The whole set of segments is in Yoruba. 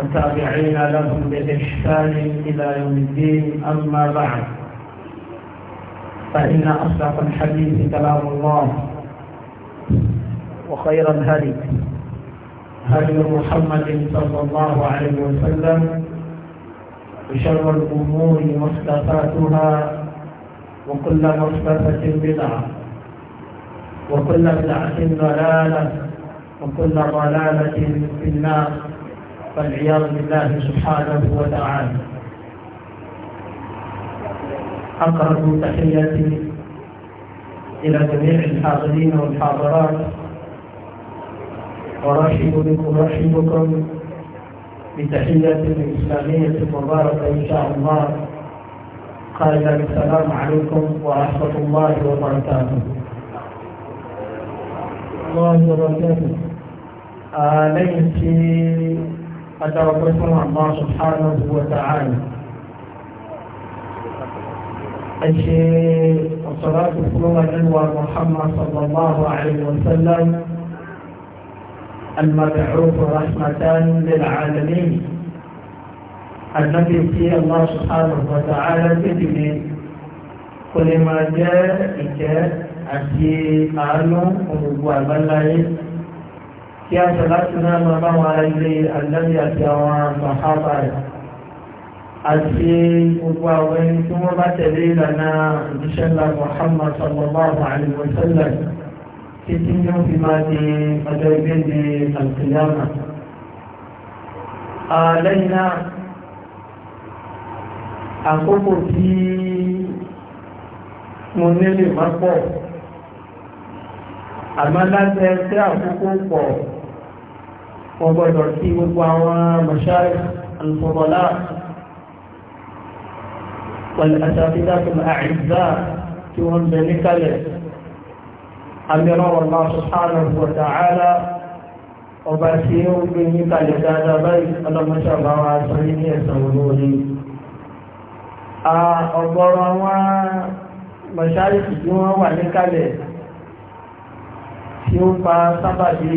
وتابعين لهم بإحسان إلى يوم الدين أما بعد فإن أصدق الحديث كلام الله وخير الهدي هدي محمد صلى الله عليه وسلم وشر الأمور مصطفاتها وكل مصطفة بدعة وكل بدعة ضلالة وكل ضلالة في النار فالعياذ بالله سبحانه وتعالى أقرب تحياتي إلى جميع الحاضرين والحاضرات ورحب بكم رحبكم بتحية إسلامية مباركة إن شاء الله قال السلام عليكم ورحمة الله وبركاته الله وبركاته آه ليس حتى ربكم الله سبحانه وتعالى الشيء الصلاة كلها أنور محمد صلى الله عليه وسلم المبعوث رحمة للعالمين الذي في الله سبحانه وتعالى بدني كل ما جاء جاء أتي أعلم وبلغ kí a ṣe láti náà máa bá wọn ara ilé àlẹ́bí àti àwọn àmàhábà rẹ̀ àti gbogbo àwọn ẹni tí wọ́n bá tẹ̀lé ìlànà ìdíṣẹ́lá Muhammad sallallahu alaihi wa sallam títí ní ó fi máa di ọjọ́ ìgbéde alkiyama lẹ́yìn náà àkókò tí mo nílè má pọ̀ àmọ́ láti ẹgbẹ́ àkókò pọ̀ wọ́n gbọ́dọ̀ sí gbogbo àwọn mọ̀ṣáré alùpùpọ̀lá pẹ̀lú àṣàfihàn tó àìsà tí wọ́n bẹ̀ ní kalẹ̀ amẹ́rọ̀wọ̀n náà sọ́hánà wọ̀tà ààlà ọba tí ó gbé ní kalẹ̀ dáadáa báyìí ọlọ́mọṣàbá wa sọ ní ẹ̀sán olóore ọ̀gọ̀rọ̀ àwọn mọ̀ṣáré tí wọ́n wà ní kalẹ̀ tí ó pa sábàbí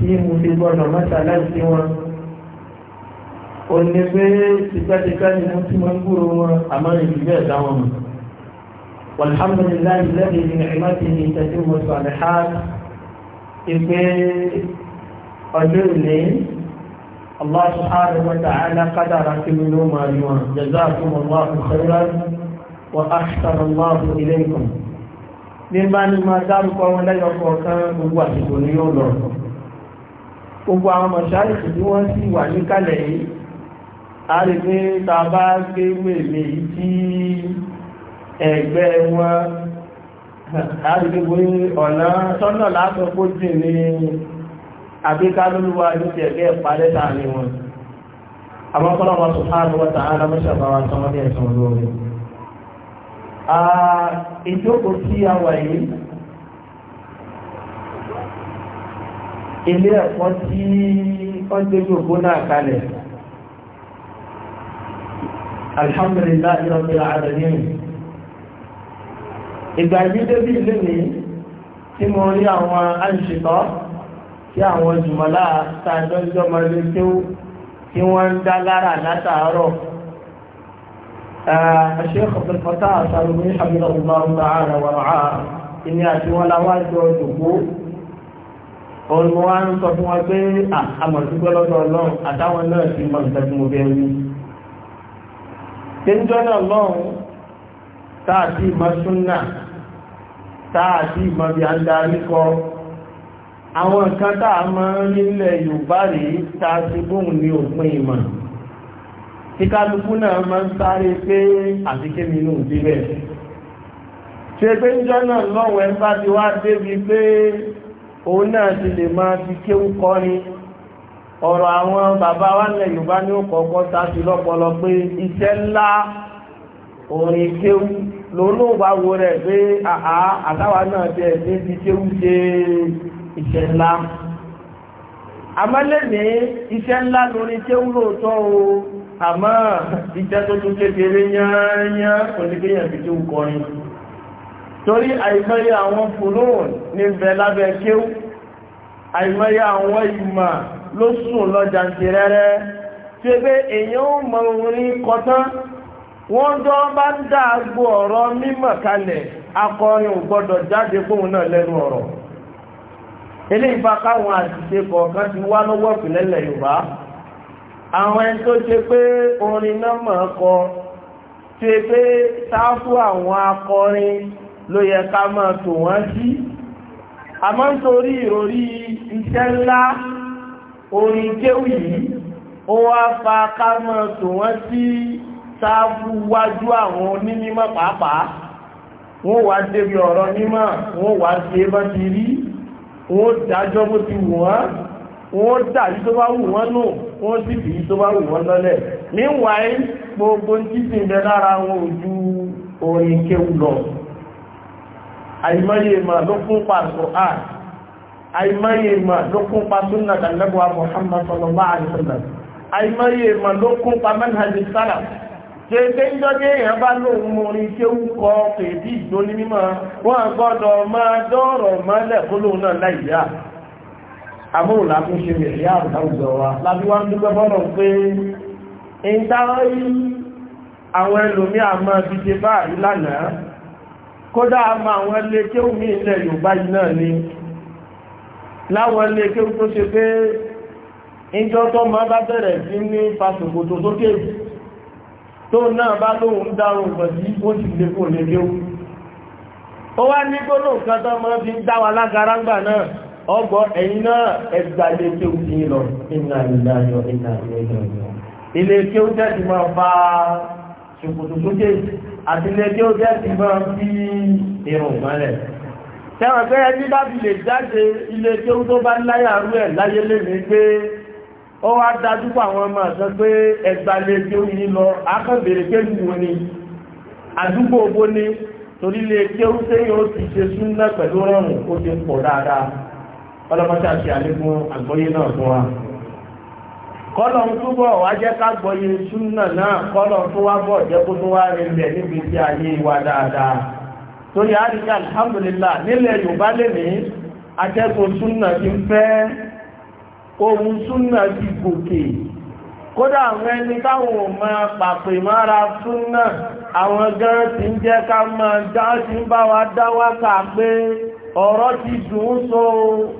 tí mo fi gbọ́dọ̀ mẹ́ta láìsí wọn ó ní pé tipẹ́tipẹ́ ni mo ti máa ń gbúrò wọn àmọ́ ìdílé ẹ̀dá wọn mọ̀ walhamdulilayi lẹ́yìn ní ìmọ̀tì ní ìtẹ́jú mo sọ àlẹ́ ha ìpè ọjọ́ ìlé Allah subhanahu wa ta'ala qadara kí mi ló máa yọ jazakumullahu khairan wa ahsana Allahu ilaykum bí n bá ní máa dárúkọ wọn lẹ́yọ̀ kọ̀ọ̀kan gbogbo àsìkò ni yóò lọ gbogbo àwọn mọ̀ṣáìkì tí wọ́n sì wà níkàlẹ̀ yìí a rí pé ta bá gbé wèlé tí ẹgbẹ́ wọn a rí pé wọ́n ọ̀nà sọ́nà látọ̀ kó jì ní àbíkálólúwà ní tẹ̀gẹ́ parẹ́ sáàrin wọn àwọn kọ́lọ́wọ́ subhanahu wa ta'ala mọ́ṣàbáwà sọmọdé ẹ̀sán olóore ìjókòó tí a wà yìí ilé ẹ̀kọ́ tí wọ́n gbé gbogbo náà kalẹ̀ alhamdulillahi rabbil alamin ìgbà ìgbídé bí ilé ní tí mo rí àwọn alìṣìtọ́ tí àwọn jùmọ̀lá tàjọ́jọ́ mọ̀lẹ́ tí wọ́n ń dá lára látàárọ̀ الشيخ عبد الفتاح صاحب حفظه الله تعالى ورعاه إني أتولى واجب وجهه olùmọ̀ wa ń sọ fún wa pé àmọ̀síkọ́ lọ́dọ̀ ọlọ́run àtàwọn náà ti mọ̀ nǹkan tí mo fẹ́ rí tẹ́jọ́ náà lọ́run táàtì ìmọ̀ súnà táàtì ìmọ̀ bí a ń darí kọ àwọn nǹkan táà a ń rí ilẹ̀ Yorùbá rí táàtì bóhùn ní òpin ìmọ̀ tí kálukú náà máa ń sáré pé àtikémi inú ìbílẹ̀ ṣe pé ń jọ́ náà lọ́run ẹ bá ti wá débi pé òun náà ti lè máa fi kéwú kọrin ọ̀rọ̀ àwọn bàbá wa nílẹ̀ yorùbá ní ọkọ̀ọ̀kọ́ sáàtì lọ́pọlọ pé iṣẹ́ ńlá orin kéwú lòun náà wá wo rẹ̀ pé àhá àtàwa náà tẹ̀ ní ti kéwú ṣe iṣẹ́ ńlá amálẹ́ni iṣẹ́ ńlá lórí kéwú lóòótọ́ o àmọ́ iṣẹ́ tó tún kékeré yányán oníkéyàn fi kéwú kọrin torí àìmọye àwọn fòlóòn ní bẹ lábẹ́ kéwú àìmọye àwọn ìmọ̀ ló sùn lọ́jà ti rẹ́rẹ́ tí ó pé èèyàn ó mọ orin kọtán wọ́n jọ bá ń dáàgbò ọ̀rọ̀ mímọ̀ kalẹ̀ akọrin ò gbọ́dọ̀ jáde fóun náà lẹ́nu ọ̀rọ̀ ilé ìfà káwọn àṣìṣe kọ̀ọ̀kan ti wá lọ́wọ́ ìpìlẹ̀lẹ̀ Yorùbá àwọn ẹni tó ṣe pé orin náà mọ̀ ọkọ ṣe pé sáfù àwọn akọrin ló yẹ ká máa tò wọ́n sí àmọ́ nítorí ìròrí iṣẹ́ ńlá orin kéwì yìí ó wá fa ká máa tò wọ́n sí sáàbù wájú àwọn onímọ̀ pàápàá wọ́n wá débi ọ̀rọ̀ mímọ̀ wọ́n wá ṣe bá ti rí wọ́n dájọ́ bó ti wù wọ́n wọ́n dàbí tó bá wù wọ́n nù wọ́n sì fi tó bá wù wọ́n lọ́lẹ̀ níwáyé gbogbo títì ń bẹ lára wọn ò ju orin kéwù lọ àìmọye ìmọ̀ ló kún pa Al-Qur'an àìmọye ìmọ̀ ló kún pa súnà dàlẹ́bùwà Muhammad sallallahu alaihi wasallam àìmọye ìmọ̀ ló kún pa manhajì sára tètè ń dọ́jẹ́ èèyàn bá lóun morin tí ó ń kọ pèdí ìjó ní mímọ́ wọ́n gbọ́dọ̀ máa dọ́rọ̀ mọ́lẹ̀ kó lóun náà láìyá àmúrò láti ṣe ìyá àwùjọ wa láti wá ń dúpẹ́ bọ́lọ̀ pé ń dáwọ́ àwọn ẹlòmí àmọ́ ti ṣe báyìí lánàá kódà àmà àwọn ilé kéwù ní ilẹ̀ Yorùbá yìí náà ni láwọn ilé kéwù tó ṣe pé ìjọ tó máa bá bẹ̀rẹ̀ sí ní fásitì sókè tó náà bá lóhun dárùn ìgbọ̀dí ó sì lè kò lè léwu ó wá ní gbónà kan tó máa fi dáwà lágara ńgbà náà ọgbọ́ ẹ̀yìn náà ẹgbà ilé kéwù ti lọ iná ìdájọ iná ìdájọ ilé kéwù tẹ́sí máa fa ṣòkòtò sókè àtìlẹ̀ tí ó jẹ́ ti máa fi irun mọ́lẹ̀ tẹ́wọ̀n pé ẹni bá fi lè jáde ilé tí ó tó bá láyà rú ẹ̀ láyé lèmi pé ó wá dájú pa àwọn ọmọ sọ pé ẹgbàlẹ̀ tí ó yí lọ akọ́bẹ̀rẹ̀ pé wù ni àdúgbò owó ni torí lè tí ó tẹ́yìn ó ti ṣe súnná pẹ̀lú rọrùn ó ti pọ̀ dáadáa ọlọ́mọ́ta ṣe àlékún àgbọ́yé náà fún wa kọ́lọ̀ ń túbọ̀ wá jẹ́ ká gbọ́yé súnà náà kọ́lọ̀ tó wá bọ̀ jẹ́ kó tó wá rinlẹ̀ níbi tí wa dáadáa torí àríkà alhamdulillah nílẹ̀ yorùbá lèmi atẹ́kùn súnà ti fẹ́ ohun ti gòkè kódà àwọn ẹni pàpè mára àwọn gan ti ń jẹ́ ká máa dá bá wa dá pé ọ̀rọ̀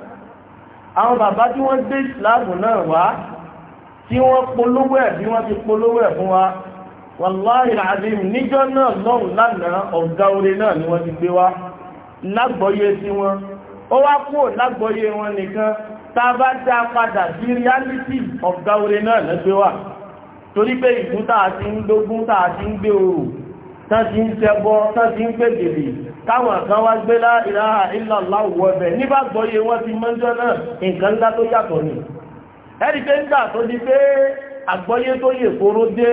àwọn bàbá tí wọ́n gbé ìsìláàmù náà wá tí wọ́n polówó ẹ̀ bí wọ́n ti polówó ẹ̀ fún wa wàláhì àdìm níjọ́ náà lọ́rùn lánàá ọ̀gá orin náà ni wọ́n ti gbé wá lágbọ́yé sí wọn ó wá kúrò lágbọ́yé wọn nìkan tá a bá dá padà sí reality ọ̀gá orin náà lẹ́gbẹ́ wà torí pé ìgún tá ń gbógún tá ń gbé oòrùn tán ti ń tẹ́bọ́ tán ti ń pè dèbè táwọn kan wá gbé lá ìlàhà ìlàlá wọ ẹbẹ̀ nígbàgbọ́ yé wọ́n ti mọ́jọ́ náà nǹkan ńlá tó yàtọ̀ ni ẹ̀rí pé ń gbà tó di pé àgbọ́yé tó yè kóró dé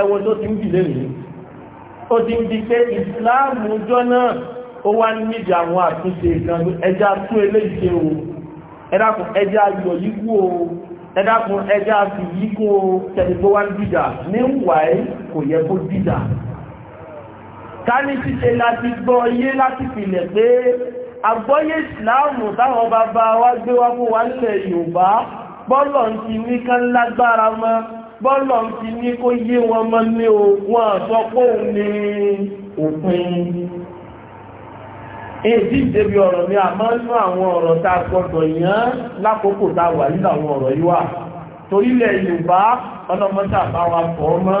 ẹwọ tó ti ń bì lè rí ó ti ń di pé ìsìláàmù ọjọ́ náà ó wá níbi àwọn àtúnṣe ìkan ẹja tún eléyìí o ẹ̀dàkùn ẹja yọ yíkú o ẹ̀dàkùn ẹja fi yíkú o tẹ̀lé tó wá ń dìjà níwàá kò yẹ kó dìjà káni ṣíṣe láti gbọ́ yé láti pìlẹ̀ pé àgbọ́yé ìsìláàmù táwọn bàbá wa gbé wá fún wa nílẹ̀ Yorùbá bọ́lọ̀ ń ti ní ká lágbára mọ́ bọ́lọ̀ ń ti ní kó yé wọn mọ́ ní òun àtọ́pọ̀ ní òpin èdí ìdébí ọ̀rọ̀ ni a máa ń ní àwọn ọ̀rọ̀ tá a gbọ́dọ̀ yán lákòókò tá a wà nílò àwọn ọ̀rọ̀ yìí wà torílẹ̀ Yorùbá ọlọ́mọ́ta bá wa fọ́ mọ́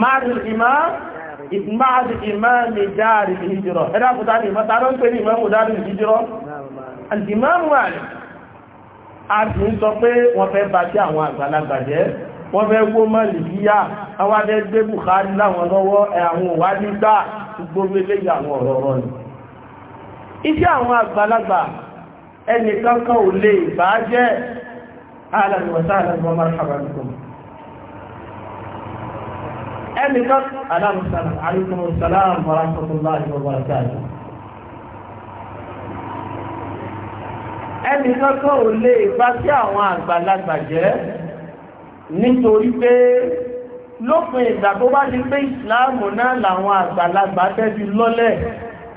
máàdì ìmáàmì dáàrí ìhìjìrọ̀ ẹ̀dá kùtà ní ìmọ̀ tààrọ ń pè ní ìmáàmù dáàrí ìhìjìrọ̀ alìmáàmù àrẹ̀ a ti ń sọ pé wọ́n fẹ́ bá sí àwọn àgbàlagbà wọ́n fẹ́ wó mọ́lì kíyà àwọn adẹ́gbé láwọn lọ́wọ́ ẹnìkan aláàmùsàlá àríkùnmùsàlá mọ̀ránkọ̀tọ̀lá ìwọ̀bọ̀rọ̀sáàlá ẹnìkan tó ò lè bá sí àwọn àgbàlagbà jẹ́ nítorí pé lópin ìgbà tó bá ti pé ìsìláàmù náà làwọn àgbàlagbà tẹ́bi lọ́lẹ̀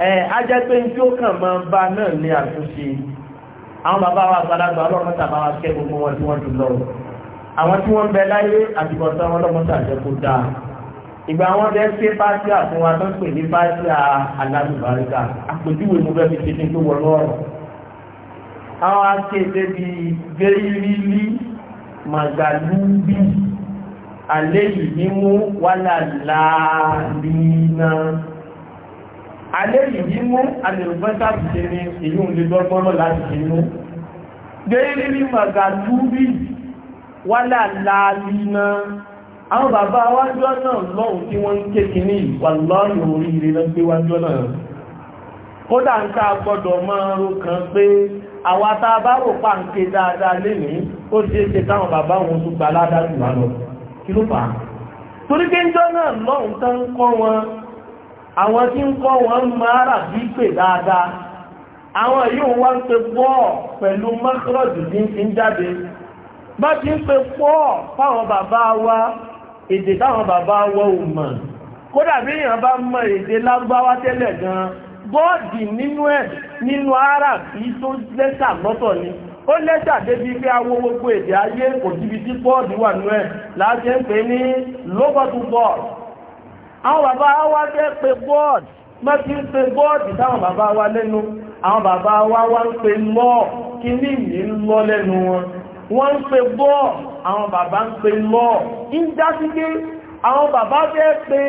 ẹ̀ ajẹ́ pé ń tí kàn máa bá náà ní àtúnṣe àwọn bàbá wa àgbàlagbà ọlọ́run tàbá wa kẹ́ gbogbo wọn tí wọ́n jù lọ àwọn tí wọ́n bẹ láyé àtìkọ̀tà wọn lọ́mọ́ta kó dáa ìgbà wọn dẹ́ ṣe fásíà fún wa tó ń pè ní fásíà aládùbáríkà àpèjúwe mo fẹ́ fi ṣe kí n tó wọ lọ́rọ̀ àwọn akéde bí gẹ́rírí màgàlúbí alẹ́ yìí ní mú wálà láàrínà alẹ́ yìí ní mú alẹ́rùgbẹ́ta ti ṣe ní èyí òun lè gbọ́gbọ́rọ̀ láti ṣe mú gẹ́rírí màgàlúbí wálà láàrínà àwọn bàbá wájọ́ náà lọ́hùn tí wọ́n ń ké kìíní wàláhì oríire náà gbé wájọ́ náà kódà ń ká gbọ́dọ̀ máa ro kan pé àwa tá a bá rò pa ń ké dáadáa lénìí ó ṣeé ṣe táwọn bàbá wọn tún gba aládàá jù lọ kí ló fà á torí pé ńjọ́ náà lọ́hùn tán ń kọ́ wọn àwọn tí ń kọ́ wọn máa rà bí pè dáadáa àwọn yóò wá ń pe pọ́ pẹ̀lú mọ́kúrọ̀dù tí ń jáde bá ti ń pe pọ́ fáwọn bàbá wa èdè táwọn bàbá wọ́ òmà kódà bí èèyàn bá mọ̀ èdè lágbáwá tẹ́lẹ̀ gan bọ́ọ̀dì nínú ẹ̀ nínú ara kìí tó lẹ́sà lọ́tọ̀ ni ó lẹ́sà débi pé awó gbogbo èdè ayé kò síbi tí bọ́ọ̀dì wà nú ẹ̀ láti ń pè ní lóbọ̀tù bọ́ọ̀dì àwọn bàbá wa fẹ́ pe bọ́ọ̀dì mọ́ ti ń wa lẹ́nu àwọn bàbá wa wá ń pe lọ́ọ̀ kí ní ìlú wọ́n ń pe bọ́ àwọn bàbá ń pe lọ́ ń dá sí pé àwọn bàbá fẹ́ pe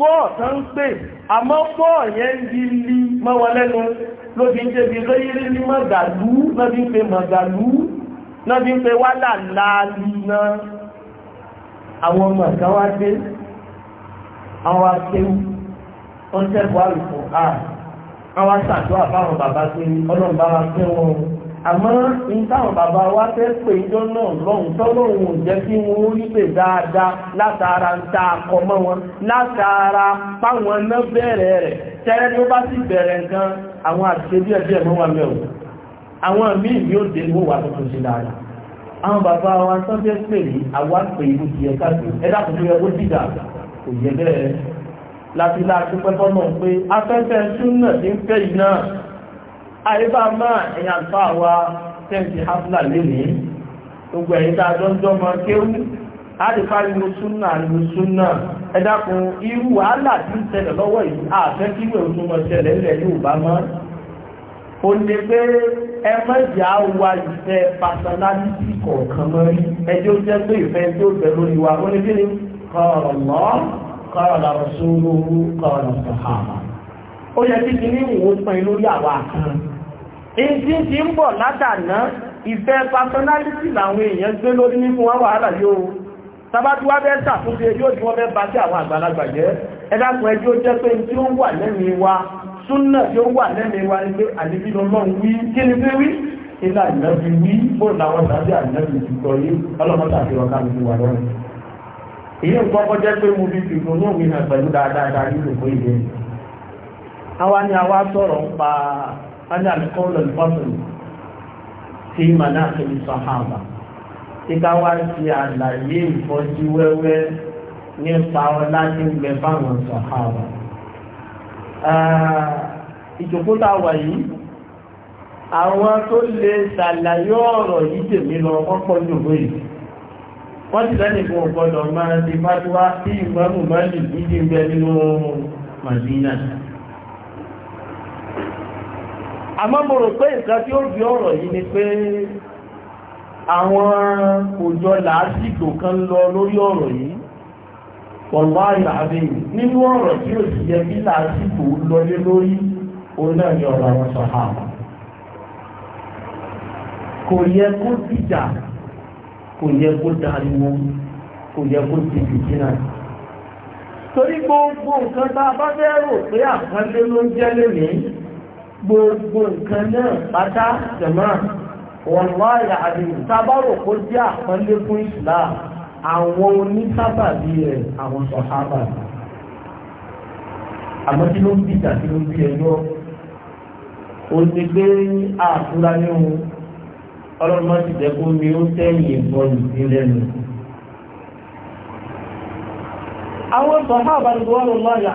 bọ́ tó ń pè àmọ́ bọ́ yẹn ń di lí mọ́ wọn lẹ́nu ló fi ń débi lóyírí ní mọ̀gàlú náà ń pe mọ̀gàlú náà ń pe wálà láàlú náà àwọn ọmọ àmọ́ ní táwọn bàbá wa fẹ́ pè ìjọ náà lọ́hùn tọ́lọ́hùn ò jẹ́ kí wọ́n rí pè dáadáa látara ń ta akọ mọ́ wọn látara páwọn ná bẹ̀rẹ̀ rẹ̀ tẹ́rẹ́ tó bá sì bẹ̀rẹ̀ nǹkan àwọn àṣìṣe díẹ̀ díẹ̀ mọ́ wa mẹ́wọ̀ àwọn míì ní ó dé wọ́n wà tuntun sí dáadáa àwọn bàbá wa tán fẹ́ pè ní àwa pè ìlú ti ẹ̀ka sí ẹ̀dá kò tó yẹ kó dìgbà kò yẹ bẹ́ẹ̀ láti láti pẹ́ fọ́nà pé afẹ́fẹ́ súnà ti ń fẹ́ yìí náà àyíká máa ẹ̀yà àlùfà wa tẹ́ǹtì hafla lónìí gbogbo ẹ̀yìn tá a jọ ń jọmọ kéwú àdìfà ìlú súnà ìlú súnà ẹ dákun irú wàhálà tí ń ṣẹlẹ̀ lọ́wọ́ yìí àfẹ́ kí ìwé òtún mọ̀ ṣẹlẹ̀ ńlẹ̀ yóò bá mọ́ ó lè pé ẹ má jà á wa ìfẹ́ pásánálítì kọ̀ọ̀kan mọ́ rí ẹjọ́ jẹ́ pé ìfẹ́ tó bẹ̀ lórí wa ó ní kí ni ó yẹ kí ní ìwòsàn lórí àwa kan èyí tí ti ń bọ̀ látàná ìfẹ́ personality làwọn èèyàn gbé lórí ní fún wọn wàhálà yóò tàbátúwá bẹ́ sàtúnṣe yóò tí wọ́n bẹ́ bá sí àwọn àgbàlagbà jẹ́ ẹ̀dàkùn ẹjọ́ jẹ́ pé tí ó wà lẹ́mí wa súnà tí ó wà lẹ́mí wa ní pé àdébí lọ́lọ́run wí kí ni pé wí ilá ìlẹ́bí wí bóò làwọn tàbí àdébí ti sọ yí ọlọ́mọta àti ọ̀ká mi ti wà lọ́rùn èyí nǹkan kọjá pé mo fi fìfún náà mi hàn pẹ̀lú dáadáa nínú ìpínlẹ̀ àwa ni àwa sọ̀rọ̀ ń pa aláàkọ́lọ̀ ìfọ́sọ̀rọ̀ tí màdá àkẹ́lẹ̀ sọ̀hábà tí ká wá sí àlàyé ìfọ́jú wẹ́wẹ́ nípa ọlá tí ń bẹ fáwọn sọ̀hábà ìjòkó tá a wà yìí àwọn tó lè ṣàlàyé ọ̀rọ̀ yìí tèmi lọ kọ́kọ́ lòó yìí wọ́n ti lẹ́nì fún ọ̀gbọ́dọ̀ máa ti fájúwá sí ìmọ̀mù mọ́lì yìí ń bẹ nínú Màdínà àmọ́ mo rò pé nǹkan tí ó bí ọ̀rọ̀ yìí ni pé àwọn òjò làásìkò kan lọ lórí ọ̀rọ̀ yìí pọ̀lá ìràbẹ̀ nínú ọ̀rọ̀ tí ó sì yẹ bí làásìkò lọlé lórí òun ni ọ̀rọ̀ àwọn sọ̀hàmà kò yẹ kó dìjà kò yẹ kó dariwo kò yẹ kó ti dìjì náà torí gbogbo nǹkan tá a bá fẹ́ rò pé àpọ́nlé ló ń jẹ́ lónìí gbogbo nǹkan náà pátá jẹ̀mọ́ wallahi àdìyàn tábàrò kó jẹ́ àpọ́nlé fún Islam àwọn onísábàbí rẹ̀ àwọn sọ̀hábà àmọ́ kí ló ń bí ìjà kí ló ń bí ẹjọ́ ó ti gbé àfúrá ní ohun ọlọ́run má ti jẹ́ kó mi ó tẹ̀yìn ìbọn ìdí àwọn sọ̀hábà ni wọ́n lọ́ọ́ yà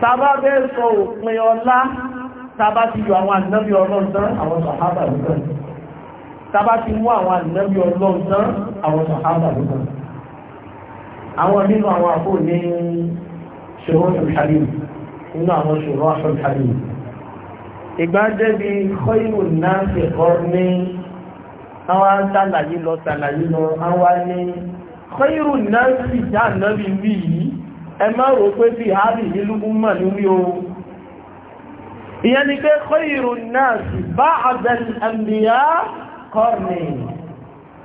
tàbá bẹ́ẹ̀ sọ òpin ọlá tàbá ti yọ àwọn ànábí ọlọ́run tán àwọn sàhábà lókàn tàbá ti mú àwọn ànábí ọlọ́run tán àwọn sàhábà lókàn àwọn nínú àwọn àpò ní ṣòro ìṣàlẹ̀ nínú àwọn ṣòro aṣọ ìṣàlẹ̀ ìgbà jẹ́bi kọ́ìlù náà ṣe kọ́ ní àwọn sàlàyé lọ sàlàyé lọ àwọn ní kọ́ìlù náà sì já ànábí wí yìí ẹ má rò pé bí hálì nílùú mọ̀ ní wí o ìyẹn ni pé kọ́ìrù náà sì bá àbẹ̀lẹ̀mìyà kọ́rì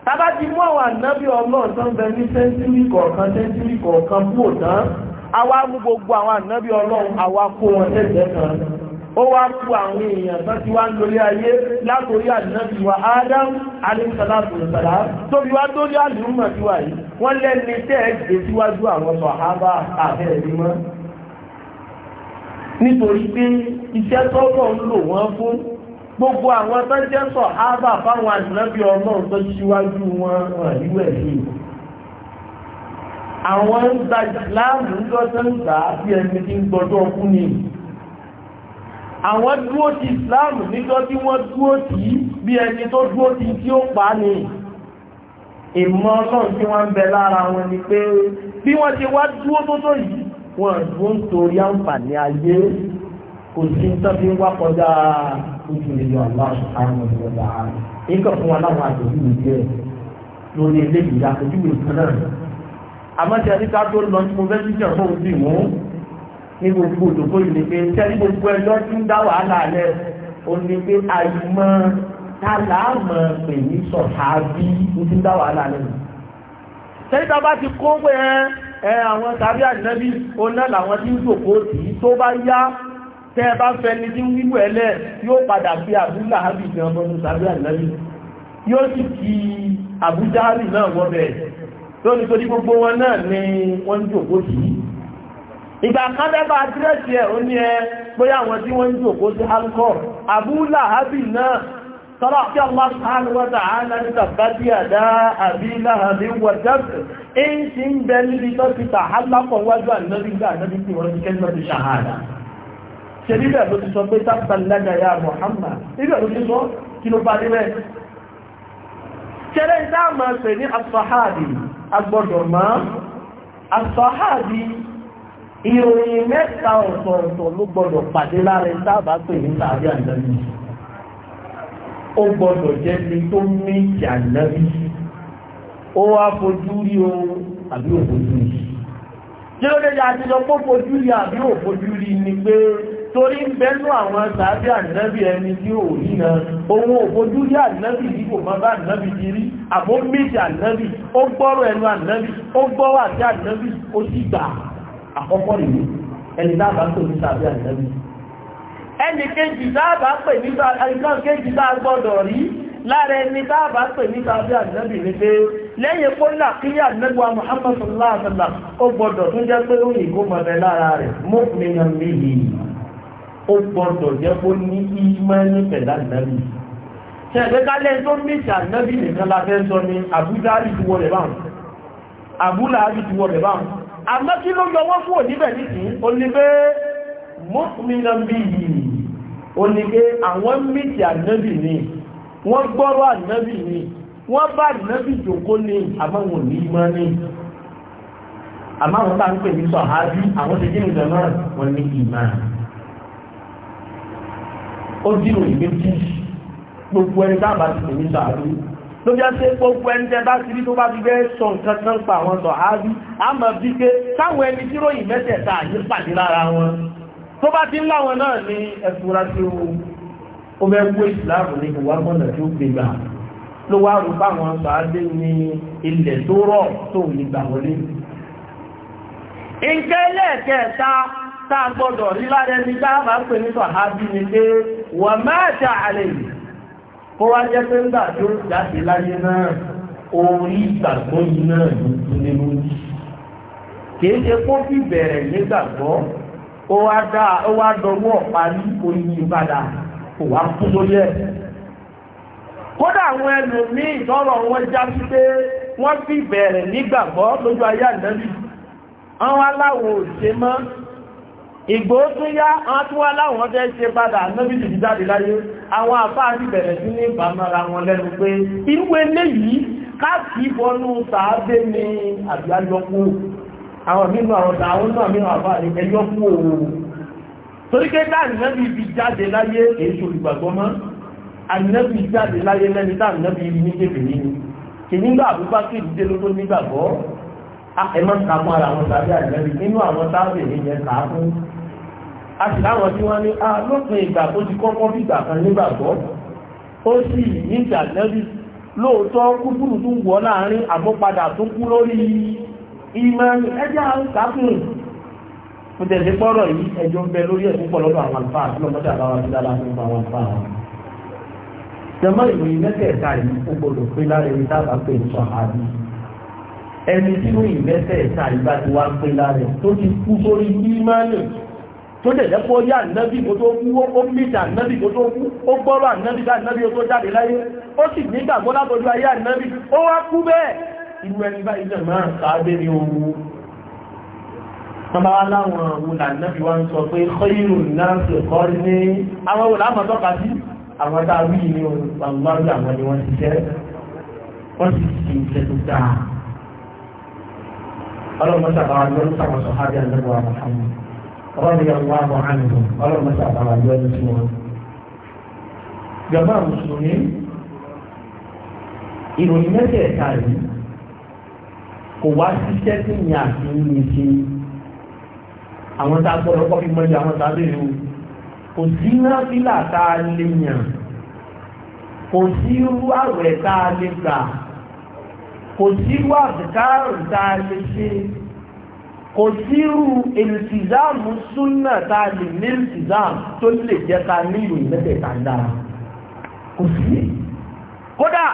tàbá ti mú àwọn ànábí ọlọ́ọ̀tán bẹ ní sẹ́ńtírì kọ̀ọ̀kan ka kọ̀ọ̀kan fún òtán àwa mú gbogbo àwọn ànábí ọlọ́run àwa ó wá kú àwọn èèyàn tán ti wá ń lórí ayé látòrí ànábì wa Adam alẹ́sàlátò ìsàlá tó fi wá tó rí àlùmọ̀ sí wa yìí wọ́n lẹ́ni tẹ́ ẹ̀ gbé síwájú àwọn sọ̀hábà àbẹ́ẹ̀rí mọ́ nítorí pé iṣẹ́ tọ́pọ̀ ń lò wọ́n fún gbogbo àwọn tó jẹ́ sọ̀hábà fáwọn ànábì ọlọ́run tó síwájú wọn hàn níwẹ̀ yìí àwọn ń gba ìsìláàmù ń lọ́sẹ̀ ń gbà á àwọn dúró ti islam níjọ́ tí wọ́n dúró tí bí ẹni tó dúró tí tí ó pa ní ìmọ̀ ọlọ́run tí wọ́n ń bẹ lára wọn ni pé bí wọ́n ti wá dúró tó tó yìí wọ́n dúró ń torí àǹfààní ayé kò sí tọ́bí wá kọjá ojú ilé ọlọ́run àwọn ìjọba nǹkan fún wọn láwọn àjòjú ìjẹ lórí eléyìí àjòjú ìkan náà àmọ́ tí a ní ká tó lọ sí mo fẹ́ ní gbogbo òdòkó ìlú pé tẹ́lí gbogbo ẹ lọ́dún ń dá wàhálà rẹ̀ o ní pé àìmọ́ tálà mọ̀ pè ní sọ̀tà bí ó ti ń dá wàhálà rẹ̀ nù. tẹ́lí tá a bá ti kó pé ẹ àwọn tàbí àdínábí oná làwọn tí ń sòkó tì í tó bá yá tẹ́ ẹ bá fẹ́ ni tí ń wíwú ẹ lẹ̀ yóò padà fi àbúlà ábì gan ọmọdún tàbí àdínábí yóò sì kí àbújá ábì náà wọ́ bẹ̀ẹ́ lónìí tó ní gbogbo wọn náà ni wọ́n ń jòkó tì ìgbà kan lẹ́bà àdírẹ́sì ẹ̀ ó ní ẹ bóyá àwọn tí wọ́n ń jù òkó sí alcohol abúlà hábì náà tọ́lá kí Allah subhanahu wa ta'ala ní tàbátí àdá àbí láhàbí wọ̀dẹ́bù èyí tí ń bẹ níbi tó ti tà alákọ̀ wájú ànábígbà ànábígbà wọ́n ti kẹ́lọ́ ti ṣàhádà ṣe níbẹ̀ ló ti sọ pé tábàlágà ya Muhammad níbẹ̀ ló ti sọ kí ló bá níbẹ̀ ṣẹlẹ̀ ìdáàmà pè ní asọ́háàdì agbọ́dọ̀ máa asọ́háàdì ìròyìn mẹ́ta ọ̀tọ̀ọ̀tọ̀ ló gbọdọ̀ pàdé láàrin sábà pè ní sàárì ànábì ó jẹ́ ní tó méjì ànábì ó wá fojú o àbí òfojú rí lọ pọ́ fojú rí àbí òfojú rí ni pé torí ń bẹ́nu àwọn sàárì ẹni tí ò rí na ohun òfojú rí yìí kò máa bá ti rí àbó àkọ́kọ́ nìyí ẹni dáàbà tó ní sàbí àìlẹ́bí ẹni kéjì dáàbà pè ní àìkan kéjì dáà gbọ́dọ̀ rí lára ẹni dáàbà pè ní sàbí àìlẹ́bí ní pé lẹ́yìn kó là kí àdínẹ́gbà Muhammad sallallahu alaihi wasallam ó gbọ́dọ̀ tún jẹ́ pé ó ní kó mọ̀bẹ lára rẹ̀ mọ́kùnrin méjì ó gbọ́dọ̀ jẹ́ kó ní ìmọ̀ ní pẹ̀lú àìlẹ́bí ṣẹ̀gbẹ́kálẹ̀ tó ní ìṣàìlẹ́bí nìkan la fẹ́ sọ ní àbújá àríjúwọ̀ rẹ̀ báwọn àmọ́ kí ló yọ wọ́n fún òníbẹ̀ nìtì ó ní pé mọ́kùnmínà bí yìí ó ní pé àwọn mìtì ànábì ni wọ́n gbọ́rọ̀ ànábì ni wọ́n bá ànábì jòkó ni àmọ́ wọn ní ìmọ̀ ni àmọ́ àwọn bá ń pè ní sọ̀hábí àwọn ti dínú ìjọ náà wọ́n ní ìmọ̀ ó dínú ìgbésí gbogbo ẹni dábàá ti pè ní sọ̀hábí ló jẹ́ sí gbogbo ẹni tẹ bá ti rí tó bá ti gbé sọ nǹkan kan pa àwọn sọ̀hábí a mọ̀ bí pé táwọn ẹni tí ròyìn mẹ́tẹ̀ẹ̀ta yìí pàdé lára wọn tó bá ti ń láwọn náà ní ẹ̀fúra tí ó bẹ́ wó ìsìláàmù ní ìwà mọ́nà tí ó gbégbà ló wá rú fáwọn sọ̀hábí ní ilẹ̀ tó rọ̀ tó lè gbà wọlé nǹkan ẹlẹ́ẹ̀kẹta tá a gbọ́dọ̀ rí lára ẹni kó wá jẹ́ pé ńgbà tó jáde láyé náà orí ìgbàgbọ́ yìí náà ló tún lé lórí kìí ṣe kó fi bẹ̀rẹ̀ nígbàgbọ́ ó wá dá ó wá dọwọ́ parí oyin padà kò wá kú lórí ẹ̀ kódà àwọn ẹlòmíì tọrọ wọn já sí pé wọ́n fi bẹ̀rẹ̀ nígbàgbọ́ lójú ayé ànábì àwọn aláwọ̀ òṣèmọ́ ìgbò tó yá àwọn tí wọ́n láwọn jẹ́ ṣe padà nọ́bìtì jíjáde láyé àwọn àfáà ti bẹ̀rẹ̀ sí ní ìbámọ́ra wọn lẹ́nu pé ìwé léyìí káàkiri bọnú sàábé ní àbíyájọ́kú àwọn nínú àwọn tààwọn náà nínú àfáà ní ẹjọ́kú òun torí pé táàrínẹ́bì fi jáde láyé èso ìgbàgbọ́ mọ́ àrínẹ́bì jáde láyé lẹ́ni táàrínẹ́bì ní kéfèé ní kì nígbà àbúgbà kéde lótó nígbàgbọ́ Ah, ẹ má ka fún ara àwọn tàbí àjẹ́bí nínú àwọn tábì ní yẹn kà fún. a sì láwọn tí wọ́n ní a lópin ìgbà tó ti kọ́kọ́ fìgbà kan nígbàgbọ́ ó sì ní ìjàjẹ́bí lóòótọ́ kúkúrú tún wọ́ láàrin àmúpadà tó kú lórí ìmọ̀ ẹjẹ́ àwọn kàákùn kò tẹ̀sí pọ́rọ̀ yìí ẹjọ́ ń bẹ lórí ẹ̀ púpọ̀ lọ́dọ̀ àwọn àlùfáà tí lọ́mọdé àbáwá ti dára fún àwọn àlùfáà jẹmọ́ ìròyìn mẹ́tẹ̀ẹ̀ta yìí ó ẹni tí ó ìgbẹ́sẹ̀ ẹ̀ta ìgbà tí wá pé lárẹ̀ tó ti kú sórí mímánì tó dẹ̀ lẹ́kọ́ yá ànábì kó tó kú ó mìtà ànábì kó tó kú ó gbọ́rọ̀ ànábì bá ànábì tó jáde láyé ó sì nígbàgbọ́ látọjú ayé ànábì ó wá kú bẹ́ẹ̀ inú ẹni bá ilẹ̀ máa sáábé ní owó tọ́bá láwọn òun ànábì wá ń sọ pé kọ́yìnrù náà sì kọ́ ní àwọn òun láàmọ́ tọ́ka sí àwọn tá a ni wọ́n ti jẹ́ wọ́n ti tó dáa ọlọ́run mọ́tà bá wa yọ ní sàmọ̀ sọ̀hábì àdébọ̀ àmàhàmù ọlọ́run yọ wá bọ̀ àmìhù ọlọ́run mọ́tà bá wa yọ ní sí wọn. jọba mùsùlùmí ìròyìn mẹ́tẹ̀ẹ̀ta yìí kò wá síṣẹ́ tí ìyá àti ìyìn ṣe àwọn tá a gbọ́dọ̀ kọ́ fi mọ́jú àwọn tá a lè lò kò sí náfìlà tá a lè yàn kò sí irú àwẹ̀ tá a lè gbà kò sírú àbùkárù tá a lè ṣe kò sírú ìlùsìzáàmù súnà tá a lè ní ìlùsìzáàmù tó lè jẹ́ ká ní ìròyìn mẹ́tẹ̀ẹ̀ta dára kò sí kódà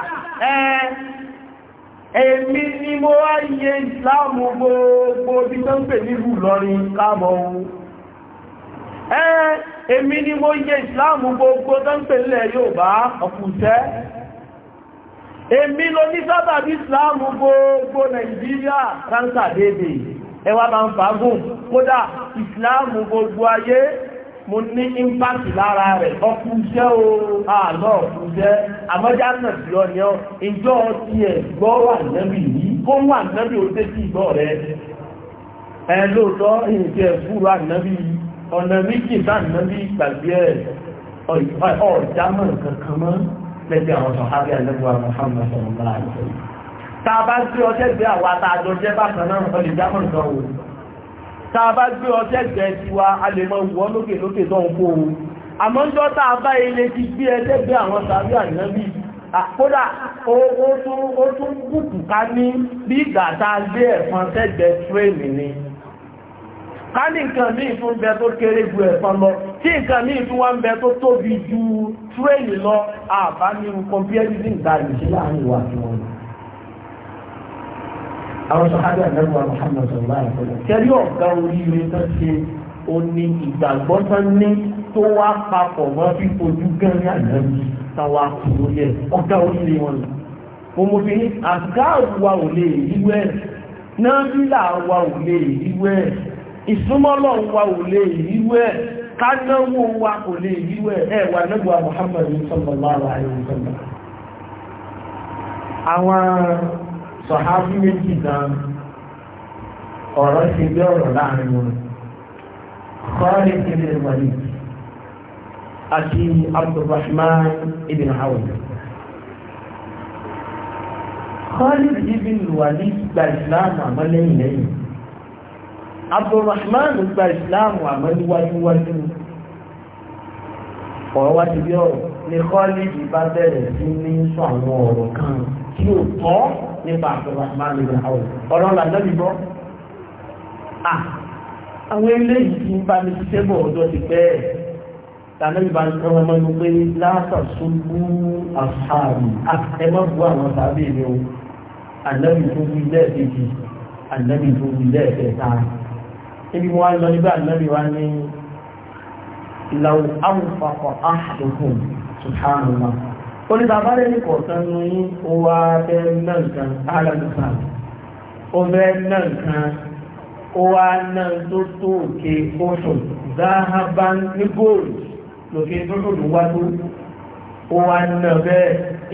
èmi ni mo wá yẹ ìsìláàmù gbogbo bí tó ń pè ní ìlú lọrin káàmọ̀ ohun èmi ni mo yẹ ìsìláàmù gbogbo tó ń pè nílẹ̀ Yorùbá ọ̀pùtẹ́ èmi ló ní sábàbí islam gbogbo nàìjíríà káńsà dédè ẹwà bá ń fagún kódà islam gbogbo ayé mo ní impact lára rẹ̀ ọkù iṣẹ́ o àlọ́ ọkù iṣẹ́ àmọ́já náà sí ọ ní ọ ìjọ tiẹ̀ gbọ́ wà nẹ́bì yìí kó wà nẹ́bì ó dé sí ìgbọ́ rẹ̀ ẹ lóòótọ́ ìrìnkì ẹ̀fú wà nẹ́bì ọ̀nà méjì bá nẹ́bì gbàgbé ẹ̀ ọ̀dámọ̀ kankan mọ́ lẹ́gbẹ̀ẹ́ àwọn sọ̀hábí àlẹ́gbẹ̀wà Muhammad sallallahu alaihi wasallam tá a bá gbé ọjẹ́ gbé àwọn àtàjọ jẹ́ bákan náà ọlẹ̀ jámọ̀ nǹkan wò tá a bá gbé ọjẹ́ gbé tiwa a lè mọ wọ́ lókè lókè tọ́hún kó o àmọ́ ń jọ tá a bá ilé ti gbé ẹjẹ́ gbé àwọn sàbí ànábì kódà ó tún bùkù ká ní bí ìgbà tá a gbé ẹ̀fọn sẹ́gbẹ̀ẹ́ tírèmì ni ká ní nǹkan míì fún bẹ tó kéré ju ẹ̀fọn lọ tí nǹkan míì fún wá ń bẹ tó tóbi ju tírẹ́ẹ̀nì lọ àbá ní kọmpíẹ́tì ìgbà ìṣẹ́ láàrin ìwà àti wọn àwọn sọ̀hádà lẹ́gbàá Muhammad sallallahu alaihi wasallam kẹ́rí ọ̀gá oríire tó ṣe ó ní ìgbàgbọ́ tán ní tó wá papọ̀ mọ́ fífojú gẹ́rẹ́ àyẹ̀mí táwa kù lórí ẹ̀ ọ̀gá oríire wọn ni. òmòfin àgáàrú wa ò lè ríwẹ́ náà bílà wa ò lè ríwẹ́ ìsúnmọ́lọ̀ wa ò lè yíwẹ́ kánáwó wa kò lè yíwẹ́ ẹwà nígbà Muhammadu sallallahu alaihi àwọn sọ̀hábí méjì gan ọ̀rọ̀ ti bí ọ̀rọ̀ láàrin wọn kọ́rí ilé wàlí àti Abdurrahman ibn Awf Abdulrahman gba ìsìláàmù àmọ́ níwájúwájú ọ̀rọ̀ wá ti bí ọ̀rọ̀ ní kọ́lìdì bá bẹ̀rẹ̀ sí ní sọ àwọn ọ̀rọ̀ kan tí ó tọ́ nípa Abdulrahman gba ọ̀rọ̀ làjọ́bí gbọ́ àwọn eléyìí ti ń bá mi ṣiṣẹ́ bọ̀ ọjọ́ ti pẹ́ tàbí bá ń tọ́ ọmọ inú pé látà àṣàrù ẹmọ́ àwọn tàbí ìlú ànábì tó wí lẹ́ẹ̀kejì ibi mo wá lọ nígbà lọ́bí wá ní ìlàwó amúfàkọ̀ áhàdùkùn subhanallah ó ní bàbá rẹ̀ ní kọ̀ọ̀kan ní yí ó wá bẹ́ náà kan alàgbà ó bẹ́ náà kan ó wá náà tó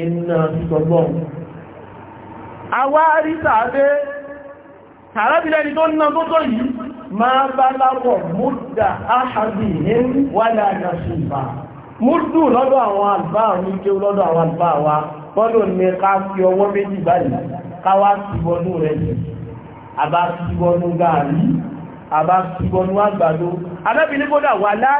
iná sọgbọ́n àwa tàbí tàbí lẹ́ni tó ná tó tó yìí máa bá láwọ̀ múdà áhàbì ní wàlá àjàṣùbà múdù lọ́dọ̀ àwọn àlùfáà ní ké lọ́dọ̀ àwọn àlùfáà wa lọ́dọ̀ ní ká fi ọwọ́ méjì báyìí káwá sí wọnú rẹ̀ jù àbá sí wọnú gààrí àbá sí wọnú àgbàdo anábì ní kódà wàlá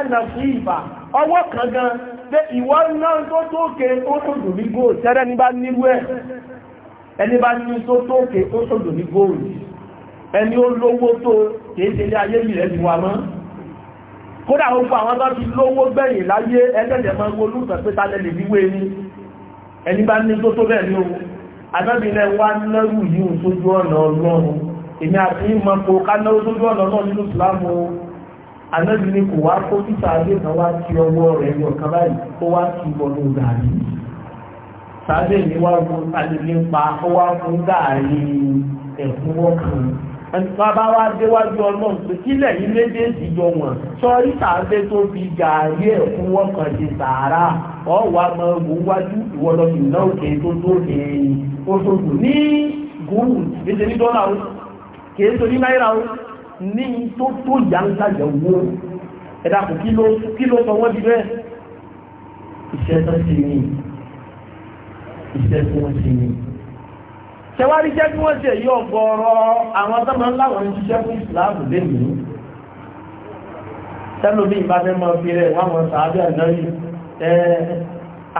ẹni ó lówó tó kìí ṣe ilé ayé ìrẹ́ ti wà mọ́ kódà ó fún àwọn tó ti lówó gbẹ̀yìn láyé ẹgbẹ̀rẹ̀ mọ́ owó lùtàn pé tálẹ̀ lè wíwé ní ẹni bá ní tó tó bẹ́ẹ̀ ní ohun àbẹ́bìnrin wá lẹ́rù yìí sójú ọ̀nà ọlọ́run èmi àti ìmọ̀ kò ká lẹ́rù sójú ọ̀nà wá kó títà ayé kan wá ti ọwọ́ rẹ̀ yọ kan báyìí ó wá ti wọnú gàrí sábẹ́ mi wá wo alẹ́ nípa ó wá fún gàrí ẹ̀kúnwọ́ kan bàbá wa déwájú ọlọ́run pé kílẹ̀ yìí méjèèjì jọ wọ̀n sọ́rí tàbí tó fi gàárì ẹ̀ fún wọn kàn ṣe sàárà ọ̀wọ́ àmọ́ òun wájú ìwọlọ́sì náà òkè tó tó ṣe oṣooṣù ní gúrù èdè ní dọ́là o kèé tó ní náírà o ní tó tó yà ń sàjẹ̀ wo ẹ̀dá kò kí ló sọ wọ́n di bẹ́ẹ̀ iṣẹ́ tó ṣe ni iṣẹ́ tó wọ́n ṣe ni. Sewari jẹ́ bí wọ́n ṣe yí ọgọ́rọ̀ àwọn tọ́mọ láwọn ń fún ìsìláàmù lẹ́yìn tẹ́lómi ìbáfẹ́ mọ́ fi rẹ̀ wọ́n sàábẹ́ àdáyé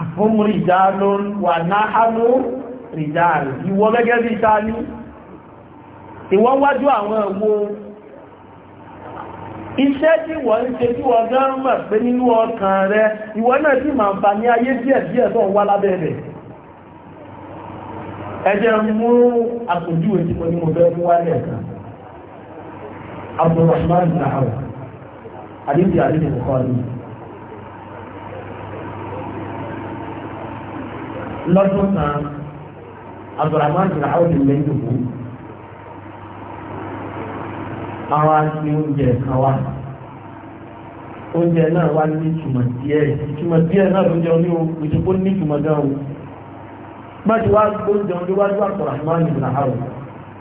àfún rìjálò wà náhánú rìjálò ìwọ gẹ́gẹ́ bí sáàlú ìwọ wájú àwọn ẹ̀wọ́ iṣẹ́ tí wọ́n ń ṣe tí wọ́n gán mọ̀ pé nínú ọkàn rẹ̀ ìwọ náà sì máa ń fa ní ayé díẹ̀díẹ̀ tó lábẹ́ rẹ̀ ẹjẹ́ mú àpòjú ètí mo ní mo fẹ́ mú wálé ẹ̀ka abdulrahman nahar àdébí àdébí bukhari lọ́dún kan abdulrahman nahar lè lẹ́yìn òkú àwọn àti oúnjẹ kan wá oúnjẹ náà wá ní ìtumọ̀ díẹ̀ ìtumọ̀ díẹ̀ náà ló jẹ́ oníhùn ìtumọ̀ ní ìtumọ̀ dáhùn mọ́jú wá gbóúnjẹ ojú wájú àpọ̀ràmánì ìbìnà ah, àwọn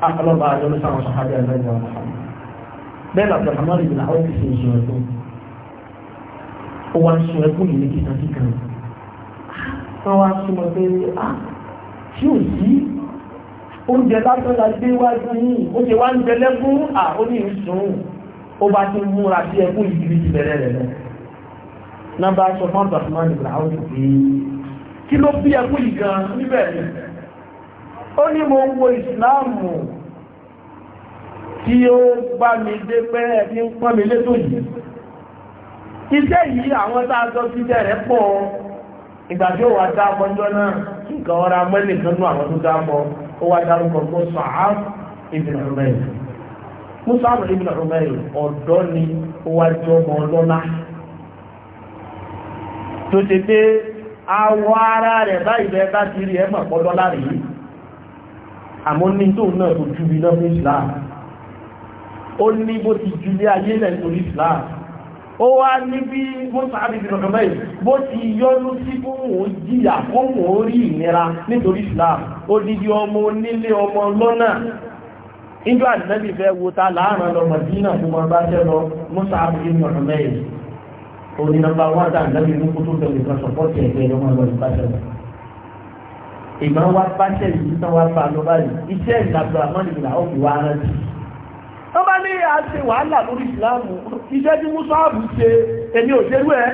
akọlọ́bà àjọ́lú sáwọn sàhábí àgbẹ́gbẹ́ wọn bẹ́ẹ̀ lọ àpọ̀ràmánì ìbìnà àwọn ti ṣe ìṣẹ́ ẹ̀kún ó wá sún ẹkún yìí ní kíkà kíkà wọ́n wá súnmọ́ pé à ah, tí ò sí oúnjẹ lásán la gbé wájú ah, yìí ó ṣe kí ló bí ẹkú ìgan níbẹ̀ ó ní mo ń wo ìsìláàmù tí ó bá mi dé pẹ́ ẹbí ń pọ́n mi létò yìí iṣẹ́ yìí àwọn tààjọ́ sí bẹ̀rẹ̀ pọ̀ ìgbà tí ó wà dá ọjọ́ náà nǹkan ọ̀rọ̀ amẹ́lẹ̀ kan ní àwọn tó dá mọ́ ó wá dárúkọ fún Mus'ab ibn Umair Mus'ab ibn Umair ọ̀dọ́ ni ó wá jọ ọmọ ọlọ́lá tó ṣe dé àwọ̀ ara rẹ̀ báyìí bẹ́ẹ̀ bá ti rí ẹmọ̀ pọ́dọ́ láàrin yìí àmọ́ ní tó náà tó ju iná fún Islam ó ní bó ti ju ilé ayé lẹ̀ nítorí Islam ó wá ní bí mọ́sáàbí ti rọ̀kọ̀ mẹ́rin bó ti yọ́nú sí fún òun jìyà fún òun rí ìnira nítorí òní nọ́mbà wá dà lẹ́yìn ní kótó tó nìkan sọ̀pọ̀tì ẹ̀gbẹ́ ló máa lọ sí pàṣẹ lọ. ìmọ̀ wá pàṣẹ yìí tán wá pa lọ báyìí iṣẹ́ ìlàgbọ̀ àmọ́nìyàn ó fi wá rántí. wọ́n bá ní a ṣe wàhálà lórí ìsìláàmù iṣẹ́ tí mùsùlùmù ṣe èmi ò ṣerú ẹ̀.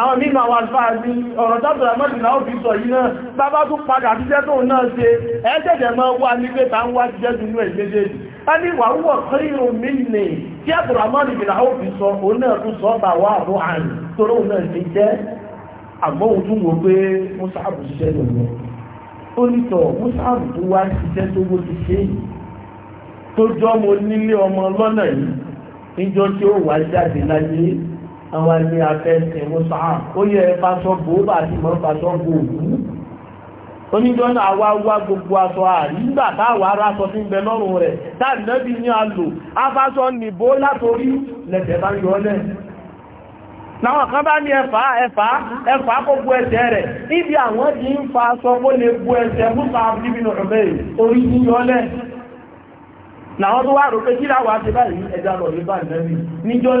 àwọn nínú àwọn àlùfáà ní ọ̀rọ̀ dábìlà àmọ́nìyàn ó fi sọ yìí náà bàbá tún padà àtijẹ́ tóun náà ṣe ẹ̀ẹ́dẹ̀dẹ̀ máa wá nígbé tá ń wá jíjẹ́ ẹni wà ń wọ̀ kí irun mi nì tí abdulhamani bin awf sọ òun náà tún sọ bá wà ló hàn torí òun náà ti jẹ́ àmọ́ òun tún wò pé mùsàbù ṣiṣẹ́ lòun ó ní tọ̀ mùsàbù tó wá ṣiṣẹ́ tó wó ti ṣe tó jọ́ mo nílé ọmọ lọ́nà yìí níjọ́ tí ó wà jáde láyé àwọn ilé afẹ́ ṣe mùsàbù ó yẹ fásọ́gbó bá ti mọ́ fásọ́gbó òkú oníjọ́ náà wá wá gbogbo aṣọ àrí nígbà táwà ara sọ sí lọ́rùn rẹ̀ ní a lò nìbó látorí lẹ̀tẹ̀ bá yọ lẹ́ láwọn kan bá ní ẹfà ẹfà ẹfà kó bú rẹ̀ níbi àwọn ń fa aṣọ kó lè bú múta bíbínú orí ní láwọn tó wà rò pé kí láwà ti báyìí lọ ní níjọ́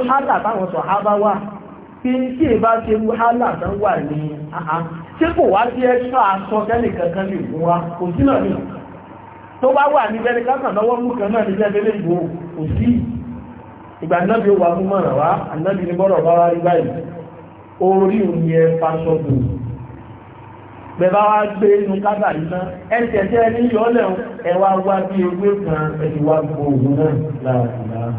náà pé tí è bá ṣe wàhálà tán wà ní àhá ṣé kò wá sí ẹ́ṣọ́ aṣọ kankan lè fún wa kò sí náà ní tó bá wà ní bẹ́ẹ̀ kákan lọ́wọ́ mú kan náà ní bẹ́ẹ̀ ìbò kò sí ìgbà náà bí ó wà mú mọ̀ràn wá ànábì ní bọ́rọ̀ bá wá rí báyìí orí òun fásọ bò bẹ̀bá wá gbé inú tẹ́ ní wá bí ewé kan ẹ̀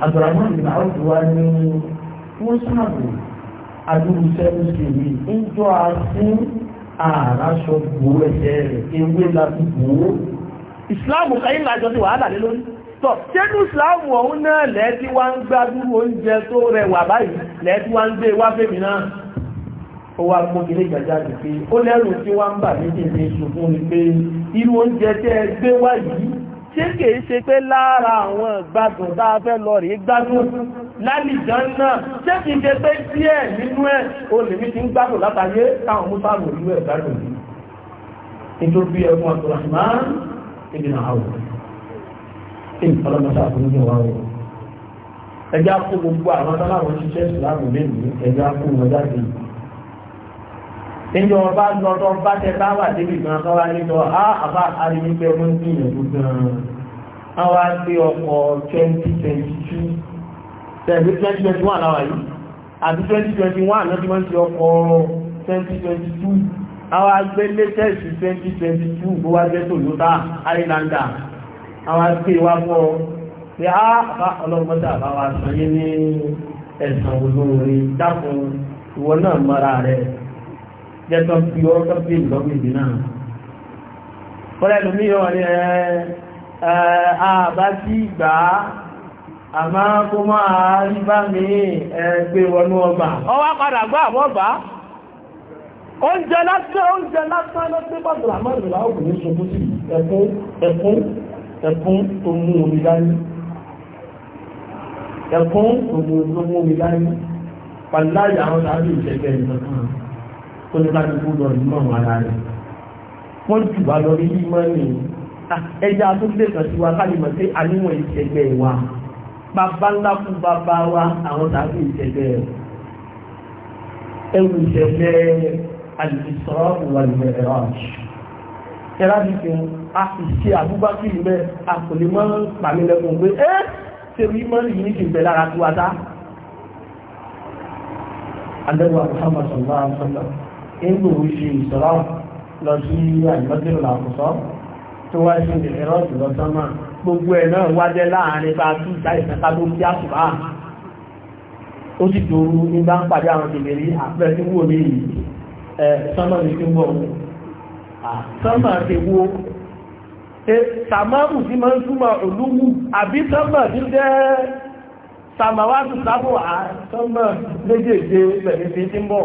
Abdulrahman bin Awf wa ni wọ́n sáàbù adúrúṣẹ́ mùsùlùmí ń jọ àti àràṣọ bò ẹ̀jẹ̀ rẹ̀ ewé láti bò ó. Ìsìláàmù kẹ́yìn lájọ ti wàhálà lé lórí. Tọ́ tẹ́nu ìsìláàmù ọ̀hún náà lẹ́ẹ̀tí wá ń gbádùn oúnjẹ tó rẹwà báyìí lẹ́ẹ̀tí wá ń gbé wá fèmí náà ó wá mú ilé ìjàjà rẹ̀ pé ó lẹ́rù tí wọ́n ń bà méjèèjì ṣùgbọ́n ni pé irú oúnjẹ tẹ́ ẹ gbé wá yìí ṣé kìí ṣe pé lára àwọn ìgbádùn tá a fẹ́ lọ rí gbádùn lálìjọ́n náà ṣé kìí ṣe pé díẹ̀ nínú ẹ̀ o lè mi ti ń gbádùn látàyé táwọn mùsàlù ìlú ẹ̀ gbádùn yìí nítorí ẹkùn Abdulrahman ibn Awf tí ọlọ́mọta àfúnjẹ wà wọ́n ẹjá kó gbogbo àwọn tọ́láwọn ṣiṣẹ́ ìsìláàmù lè ní ẹjá kó wọ́n jáde yìí níjọ ọba lọ́dọ̀ bá tẹ bá wà débi gan kan wá níjọ á àbá arìnrìnpẹ̀ wọ́n gbìyànjú gan-an wọ́n wá gbé ọkọ̀ 2022 tẹ̀lé 2021 láwà yìí àti 2021 náà tí wọ́n ti ọkọ̀ 2022 àwọn agbé latest 2022 bó wá jẹ́ Toyota Highlander àwọn agbé wá fọ́ pé á bá ọlọ́gbọ́ta bá wá sanyé ní ẹ̀sàn olóore dákun ìwọ náà mọ́ra rẹ̀ jẹ́tọ́ fi ọwọ́ tó fi ìlọ́gbìn ìdí náà fọ́lẹ̀ lómi yọ wọ́n ní ẹ àbá sí ìgbà àmá kó máa rí bá mi ẹgbẹ́ wọnú ọgbà ọwá padà gbá àbọ́bà oúnjẹ lásán oúnjẹ lásán ló pé bọ́dùlà mọ́dùlà ó kò ní ṣokú sí ẹkún ẹkún ẹkún tó mú omi dání ẹkún tó mú omi dání pàdé láyé àwọn tàbí ìṣẹ́gbẹ́ ìṣẹ́gbẹ́ kó ní ká ti kú lọ ìmọ̀ ara rẹ̀ wọ́n jù wá lọ ilé mọ́ ni ẹja tó lè kàn sí wa káàlì mọ̀ sí àníwọ̀n ìṣẹ̀gbẹ̀ wa bàbá ńlá fún bàbá wa àwọn tàbí ìṣẹ̀gbẹ̀ ẹwù ìṣẹ̀gbẹ̀ àlùfíṣọ́ ìwà ìmẹ̀rẹ̀ ọ̀ṣù ẹ̀rá ti fi a ti ṣe àbúgbàkì mẹ́ àkòlémọ́ pàmílẹ̀kùn pé ẹ́ ṣe rí mọ́ ìyí ní ìṣẹ̀gbẹ̀ lára tó wa dá. Adẹ́wà Muhammad sallallahu alaihi inú ṣe ìṣọ́rọ̀ lọ sí àjọ́jọ́ làkùsọ́ tó wá sí ìrìnrìn ọ̀sùn lọ́sánmà gbogbo ẹ̀ náà wájẹ́ láàrin bá tú ìsáìsẹ́ká ló kí àṣùbá ó sì dòru ní bá ń pàdé àwọn kèbèrè àpẹẹrẹ tí wò ní sánmà ní kí ń bọ̀ sánmà ti wo sàmárù sí máa ń túnmà olúwù àbí sánmà ti jẹ́ sàmàwátù sábò àtọ́mà méjèèjì pẹ̀lú ti ń bọ̀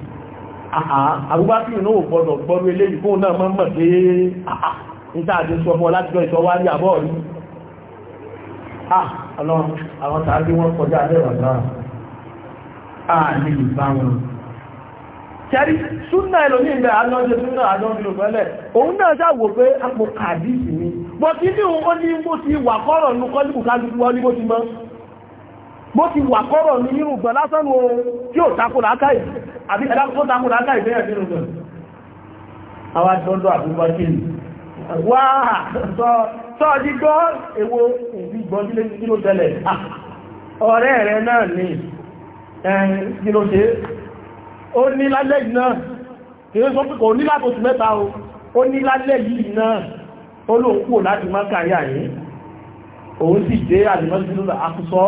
àbúgbàtí ìnáwó gbọdọ̀ gbọdọ̀ eléyìí fún náà mọ́ mọ̀ pé ìtàdé sọ fún láti jọ ìṣọ́ wá ní àbọ́ rí àwọn tàbí wọ́n kọjá lẹ́rọ̀ Ṣẹ́rí súnà ìlòní ilẹ̀ alọ́jẹ́ súnà àjọ́bìnrin pẹ̀lẹ̀, òun náà sáwò pé àpò kàdìsì ni. Bọ̀ tí ní òun ó ní mú ti wà kọ́rọ̀ nù kọ́lùkù kájú wọ́n ní mú ti mọ́ bó ti wà kọ́rọ̀ ní irú gbọ̀n lásán o tí ó takùn lákàì àbí ẹ̀dàkùn takùn lákàì bẹ́ẹ̀ nínú gbọ̀n àwọn àjọ́ndọ̀ àbúgbà kìí wà sọ́ọ̀dí gbọ́ èwo ìgbọ́n sílé kí ló tẹ́lẹ̀ ọ̀rẹ́ rẹ̀ náà ní ẹ̀rin kí ló ṣe ó ní lálẹ́ yìí náà kí ó sọ pípọ̀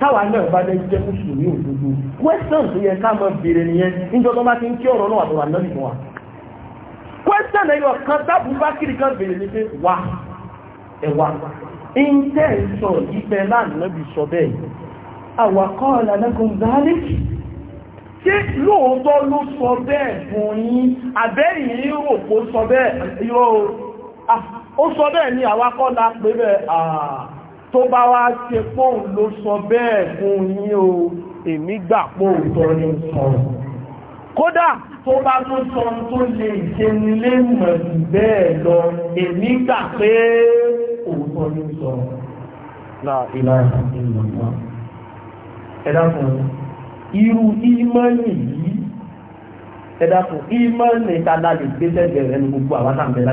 táwa náà bá dẹ́ jẹ́ mùsùlùmí òdodo question tó yẹ ká mọ béèrè nìyẹn níjọ́ tó bá ti ń kí ọ̀rọ̀ náà àtọ̀rọ̀ ànábì fún wa question ẹ̀yọ kan tábù bá kiri kan béèrè ní pé wà ẹ wà ìǹtẹ́ sọ ìfẹ́ láàánábì sọ bẹ́ẹ̀ àwàkọ́ ọ̀làdẹ́kùn zálẹ́kì ṣé lóòótọ́ ló sọ bẹ́ẹ̀ fún yín àbẹ́yìn yóò kó sọ bẹ́ẹ̀ yóò ah, ó sọ bẹ́ẹ̀ ni àwàkọ́ la pé bẹ́ẹ̀ àà ah tó bá wá ṣe póun ló sọ bẹ́ẹ̀ fún yín o èmi gbà póun tọ́ ní sọ̀rọ̀ kódà tó bá tó sọ tó lè ṣe nílé mọ̀ jù bẹ́ẹ̀ lọ èmi gbà pé òótọ́ ní sọ̀rọ̀ láìláà ìlànà ẹ̀dàkùn irú ìmọ̀lì yìí ẹ̀dàkùn ìmọ̀lì tàdà lè gbé sẹ́gbẹ̀rẹ̀ ní gbogbo àwọn àtàbẹ̀lá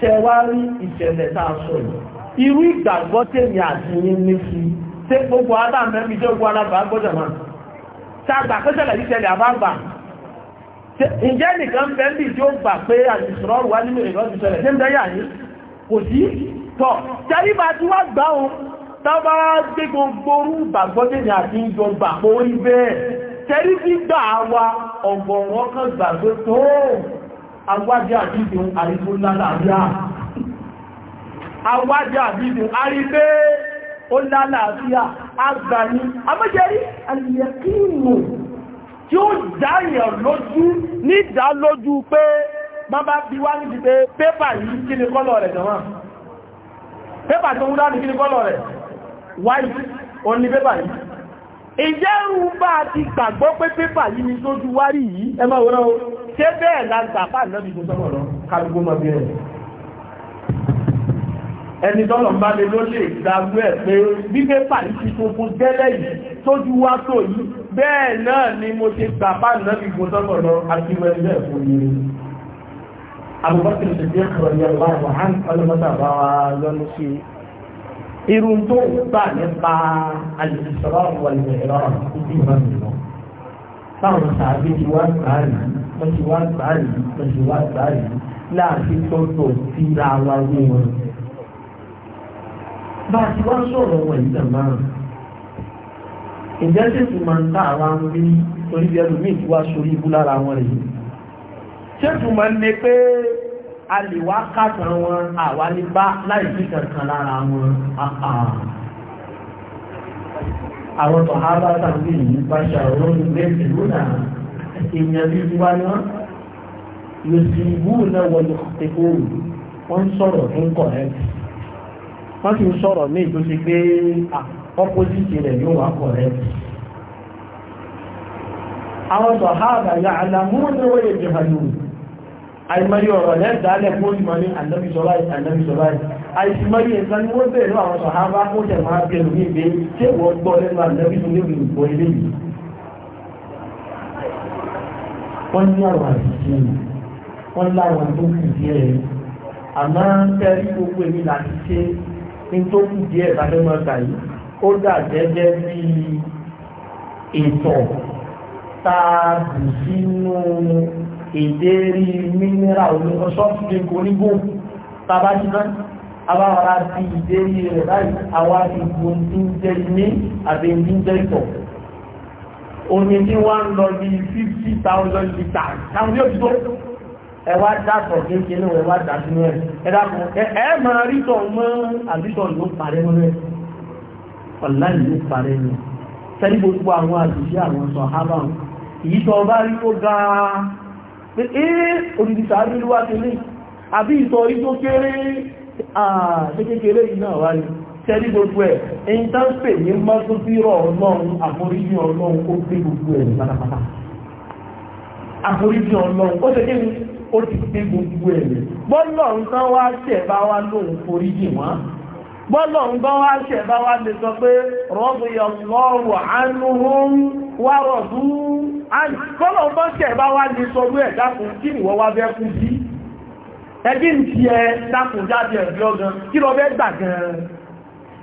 tẹwárí ìṣẹ̀lẹ̀ tá a sọ yìí irú ìgbàgbọ́ tèmi àti yín ní sí ṣé gbogbo adáàmẹ́bí jẹ́ gbogbo alábàá gbọ́dọ̀ máa ṣàgbà pẹ́sẹ̀lẹ̀ yìí ṣẹlẹ̀ àbágbà ǹjẹ́ nìkan bẹ́ẹ̀ bí tí ó gbà pé àìsàn wà nínú ìrọ́ ti ṣẹlẹ̀ ṣé ń bẹ́yà yìí kò sí tọ̀ tẹ́líbà tí wá gbá ohun tọ́bá gbé gbogbo orú ìgbàgbọ́dẹ̀ni àti ìjọ gbà pé ó rí bẹ́ẹ̀ tẹ́lí gbígbà wa ọ̀gbọ̀nwọ́ awájá àdídùn àríkó lálàáfíà awájá àdídùn àríké ó lálàáfíà agbani amẹ́jẹ́rí àlìyàkínù tí ó dáyàn lójú ní ìdálójú pé bàbá bí wá níbi pé pépà yìí kí ni kọ́lọ̀ rẹ̀ jọmọ́ pépà tó ń ní kí ni kọ́lọ̀ rẹ̀ white ó ní pépà yìí ìjẹ́rù bá ti gbàgbọ́ pé pépà yìí ni sójú wárí yìí ẹ máa ṣé bẹ́ẹ̀ la gbà bá nàbí tó sọ́mọ̀ lọ kálukú mọ́ bí rẹ̀ ẹni tọ́lọ̀ bá lè ló lè gbàgbé ẹ̀ pé gbígbé pàdé ti funfun tẹ́lẹ̀ yìí tójú wá tó yìí bẹ́ẹ̀ náà ni mo ṣe gbà bá nàbí tó sọ́mọ̀ lọ àti ìwẹ̀ ilé ẹ̀fọ́ yìí Abubakar Siddiq radiyallahu anhu ọlọ́mọdà bá wa lọ́nu sí irun tó gbà nípa al-Isra wal-Mi'raj ìdí wọ́n ti wá gbà rèé wọ́n ti wá gbà rèé láàfin tọ́tọ̀ sí ra wa wé wọn. bá a ti wá sọ̀rọ̀ wọn yìí dàn márùn. ìjẹ́sẹ̀ tó máa ń ta àwa ń rí torí bí ẹlòmíì ti wá sórí ibú lára wọn rèé. ṣé tó máa ń ní pé a lè wá kàtàn wọn àwa ní bá láì sí kankan lára wọn àwọn tọ̀hábá tàbí ìyípa ṣàròyìn lẹ́sìn lónà èèyàn bí wá ní wọn yóò sì bú náà wọlé kòtò wọn sọ̀rọ̀ tó ń kọ ẹ wọn sì ń sọ̀rọ̀ ní ìtòsí pé ọpọsìtì rẹ yóò wá kọ ẹ àwọn sọ̀háàbà ya àlàmúrùn ní wọ́n yẹ jẹ hàlù àìmọ̀rí ọ̀rọ̀ lẹ́dàálẹ̀ fún ìmọ̀ ní ànábìsọ̀láì ànábìsọ̀láì àìsìmọ̀rí ẹ̀sán ni wọ́n bẹ̀rẹ̀ àwọn sọ̀háàbà ó jẹ̀ máa bẹ̀rù ní ìgbé tí wọ́n gbọ́ lẹ́nu ànábìsọ̀láì wọ́n ní àwọn àṣìṣe rẹ̀ wọ́n láwọn tó kù díẹ̀ rẹ̀ àmọ́ tẹ́rí gbogbo èmi láti ṣe ní tó kù díẹ̀ lábẹ́mọ́ta yìí ó dà gẹ́gẹ́ bí ètò táàbù sínú ìdérí mínírà oníṣọ́ọ̀tì dínkù onígbò tàbá jiná abáwọ̀rá ti ìdérí rẹ̀ láì àwọn àti ìgbòǹdíjẹ́ ní àbẹ̀ǹdíjẹ́ ìtọ̀ omi ní wọ́n ń lọ bí fifty thousand litres táwọn yóò ti tó ẹ wá dàtọ̀ kékeré ẹ wá dàtọ̀ nínú ẹ ẹ dàpọ̀ ẹ máa rí tọ̀ mọ́ àbítọ̀ ló parẹ́ nínú ẹ ọ̀la ìlú parẹ́ nínú sẹ́ni gbogbo àwọn àṣìṣe àwọn sọ̀hábà èyí tó ọba rí tó ga pé ee òdìdí sàárè ló wá tẹ́lẹ̀ àbí ìtọ̀ orí tó kéré àṣekékeré yìí náà tẹ́lí gbogbo ẹ̀ ẹ̀yin tá ń pè ní ọlọ́run àforíjì gbogbo ẹ̀ pátápátá àforíjì ọlọ́run ó ṣe ó ti gbogbo ẹ̀ lẹ̀ bọ́lọ́run kan wá bá wá lóun foríjì wọn bọ́lọ́run kan wá bá wá lè sọ pé rọ́bì ọlọ́run wá rọ̀dú bọ́lọ́run kan bá wá lè sọ pé ẹ̀dákun kí wá fẹ́ kú sí ẹbí ń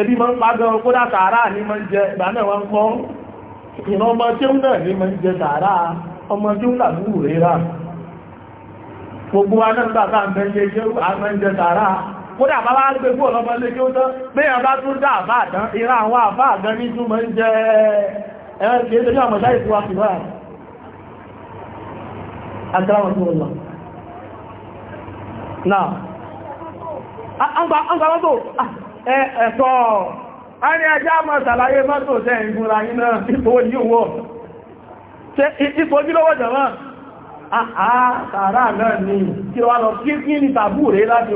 ebi máa ń pa gan kódà sàárà ní máa ń jẹ ìgbà náà wọ́n kọ́ ìran ọmọ tí ó náà ní máa ń jẹ sàárà ọmọ tí ó ń làbú rírà gbogbo anáńgbà bá ń bẹ́yẹ jẹ́ àmọ́ ń jẹ àwọn àbá tó lọ náà ẹ̀ẹ̀tọ́ a ní ẹjá mọ̀ sàlàyé mọ́tò tẹ́ ìgúnra yìí náà ipò yíò wọ́ ìfojúlówó jọmọ́ náà ni kí wá lọ kí kí ní tàbú rẹ̀ láti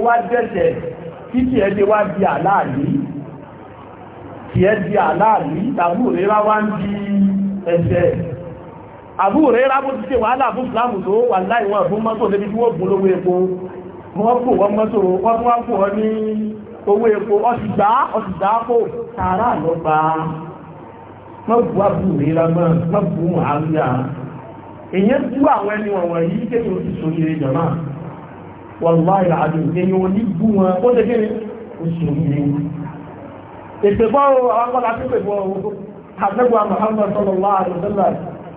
wá di àláàlì kí ẹ di àláàlì tàbú rẹ̀ rá wá ń di ẹ̀ṣẹ̀ àbú rẹ̀ rá bó ti ṣe wàhálà fún tó wà láìwọ̀n fún mọ́tò epo wọ́n owó epo ọ̀sìgbà ọ̀sìgbà kò tààrà lọ́gbà mọ́bù àbúrò ìlàmọ́ mọ́bù àríyà èyàn tú àwọn ẹni wọ̀nwọ̀n yìí kéyìn ó ti sórí rẹ̀ jọ̀má wọ̀láì àdùn èyàn ò ní bú wọn ó lè kéyìn Muhammad sallallahu alaihi wasallam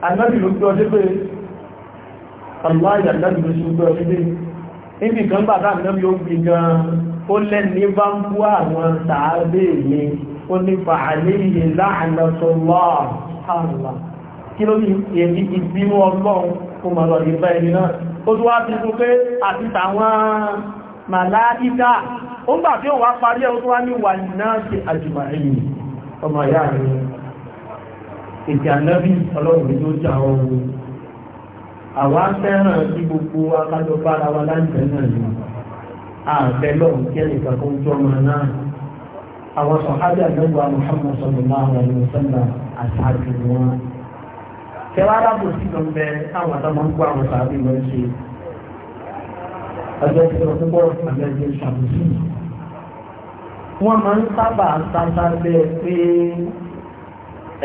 anábì ló gbé ọdé pé aláì àdábì ló ṣe gbé ọdé pé níbi kan bàtà ó lẹ́ni bá ń bú àwọn sàábé mi ó ní fàálẹ́yẹ láàrínlọ́tọ́lọ́ àrùnlá kí ló ní èyí ìbínú ọlọ́run ó mọ̀ lọ ìbá ẹni náà ó tó wá ti fún pé àti tàwọn màláíkà ó gbà tí ó wá parí ẹ̀ ó tó wá ní wà náà ṣe àjùmáyìn ààfẹ́ lọ́wọ́ kí ẹnì kan kó ń jọ́ ọmọ náà àwọn sọ̀hádà lọ́wọ́ Muhammad sallallahu alaihi wasallam àtàkì wọn. kẹwàá arábò sí lọ bẹ àwọn àtàwọn máa ń kó àwọn sàábì lọ ṣe ọjọ́ tí wọ́n gbọ́ àgbẹ̀jẹ̀ ṣàbùsù. wọ́n máa ń sábà sábà bẹ pé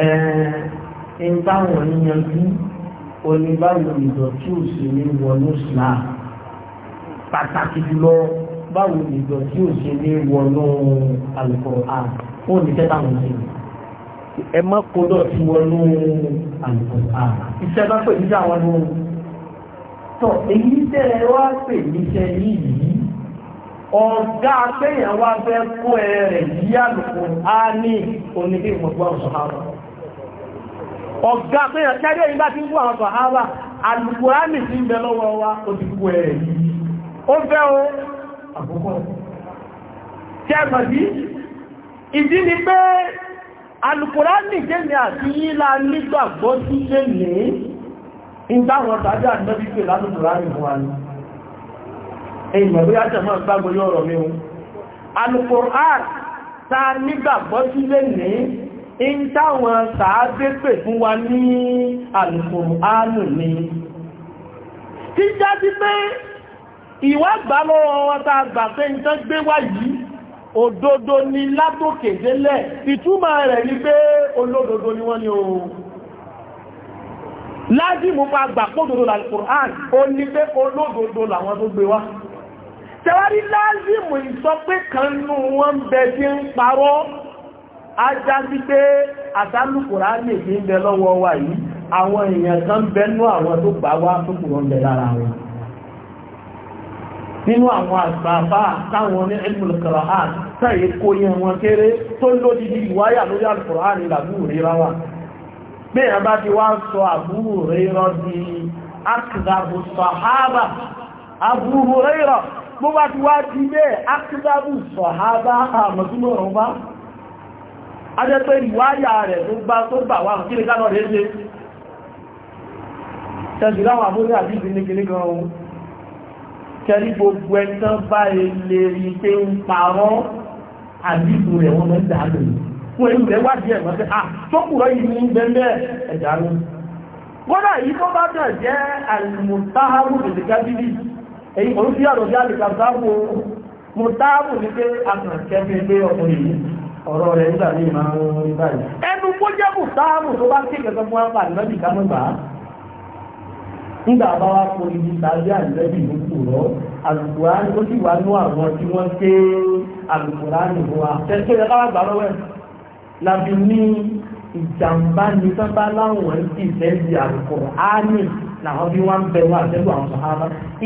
ẹ̀ẹ́n táwọn níyanjú oníbàyò ìdọ̀tí òsì ní wọnú sílá pàtàkì jùlọ báwo ìjọ tí ò ṣe ní wọnú Al-Qur'an ó ní tẹ́tà wọn sí ẹ má kó lọ sí wọnú Al-Qur'an iṣẹ́ bá pè níjà wọn nù. tọ èyí tẹ ẹ wá pè níṣẹ́ yìí ọ̀gá akéèyàn wá fẹ́ kó ẹ rẹ̀ yí Al-Qur'an ní oníbí ìmọ̀gbọ́n sọ̀hárọ̀ ọ̀gá akéèyàn kẹ́rẹ́ ìgbà tí ń kó àwọn sọ̀hárọ̀ Al-Qur'an ní ti ń bẹ lọ́wọ́ wa ó ti kó ẹ rẹ̀ yí ó fẹ́ o àkókò tí a mọ̀ sí ìdí ni pé alùkùránì gẹ́mì àti yíla nígbàgbọ́ sí lè ní ìgbàwọn tàbí àdínẹ́bí pè lálùkùránì fún wa ní ẹgbẹ̀ bí átẹ̀mọ́ ìgbàgbọ́ yóò rọ̀ mẹ́un alùkùránì ta nígbàgbọ́ sí lè ní in táwọn sàábé pè fún wa ní alùkùránì ní ìwà gbà lọ́wọ́ wọn tá gbà pé gbé wá yìí òdodo ni látòkè délẹ̀ ìtumọ̀ rẹ̀ ni pé olódodo ni wọ́n ni o lájímú pa gbà pódodo l'Al-Qur'an ó ní pé olódodo làwọn tó gbé wá tẹwárí lájímù ìsọ pé kan nú wọn bẹ tí ń parọ́ ajá sí pé àtàlùkùrá lè fi ń bẹ lọ́wọ́ wa yìí àwọn nínú àwọn àgbàbá táwọn ní ẹgbùlùkọ̀rọ̀ tàí kó yẹ wọn kéré tó lódìdí ìwáyà lórí alùkọ̀rọ̀ ìlàbú ríra wà bí i bá ti wá sọ àbúrú ríra di akìdàbù sọ̀hábà àbúrú ríra bó bá ti wá di bẹ́ akìdàbù sọ̀hábà àmọ̀túnmọ̀ ọ̀rọ̀ bá a jẹ́ pé ìwáyà tẹ́rí gbogbo ẹ̀tàn bá ilé rí pé ń parọ́ àdìgbò rẹ̀ wọ́n mẹ́ta àgbè fún ẹ̀rù rẹ̀ wádìí ẹ̀mọ́ ah, pé à tókùrọ̀ yìí ní bẹ́ẹ̀ ẹ̀dà ló kódà yìí tó bá dẹ̀ jẹ́ àìmùtáhàrù ìdíkábílì èyí kò sí àròjá àdìkàbáwò mùtáhàrù ní pé akànkẹ́fẹ́ pé ọkùnrin yìí ọ̀rọ̀ rẹ̀ nígbà ní ìmọ̀ orí báyìí ẹnu kó jẹ́ mùtáhàrù nígbà bá wá kó ibi tàbí àlẹ́bí ló kù rọ́ àlùkùránì ó sì wá ní àwọn tí wọ́n ké àlùkùránì wa tẹ́tẹ́ ẹ káwá gbà lọ́wọ́ ẹ̀ làbí ní ìjàmbá ní sábà láwọn ti fẹ́ẹ̀dì àlùkùránì làwọn bí wọ́n ń bẹ̀rù àtẹ́lù àwọn sọ̀hábá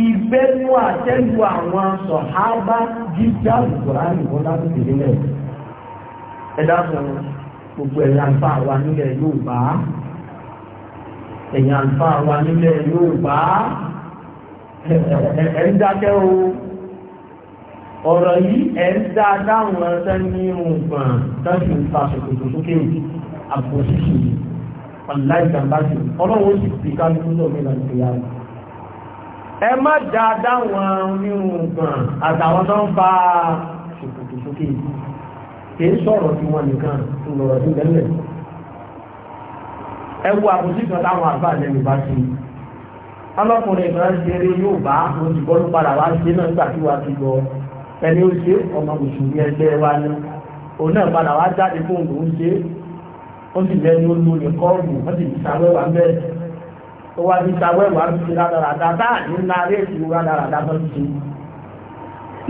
ìbẹ̀rù àtẹ́lù àwọn sọ̀hábá jíjá àlùkùránì wọn láti tèlé lẹ̀ ẹ̀dá sọ̀rọ̀ gbogbo ẹ̀yà ń bá wa nílẹ̀ Yorùbá ẹ̀yìn àǹfà wa nílẹ̀ yóò bá ẹ̀ ń dákẹ́ o ọ̀rọ̀ yìí ẹ̀ ń dá dáhùn ẹsẹ̀ ní nǹkan tẹ́sí ń fa ṣòkòtò sókè àpòṣìṣì ọ̀nà ìjàmbá sí ọlọ́run sì fi kálukú náà mi lọ sí yàrá ẹ má dá dáhùn onírun nǹkan àtàwọn tó ń fa ṣòkòtò sókè kì sọ̀rọ̀ tí wọ́n nìkan ń lọ̀rọ̀ sí lẹ́lẹ̀ ẹwú àbòsí kan láwọn àgbà lẹ́nu bá ti ọlọ́kùnrin kan ṣeré yóò bá wọn ti bọ́ ló padà wá ṣe náà nígbà tí wàá ti lọ ẹni ó ṣe ọmọ mùsùlùmí ẹgbẹ́ wa ni òun náà padà wá jáde fóun lòún ṣe ó sì lẹ́nu olórí kọ́ọ̀lù wọ́n sì fi ṣàwẹ́wà bẹ́ẹ̀ ó wá fi ṣàwẹ́wà ń ṣe rádaràdá táà ní ńlá réèkì rádaràdá tó ń ṣe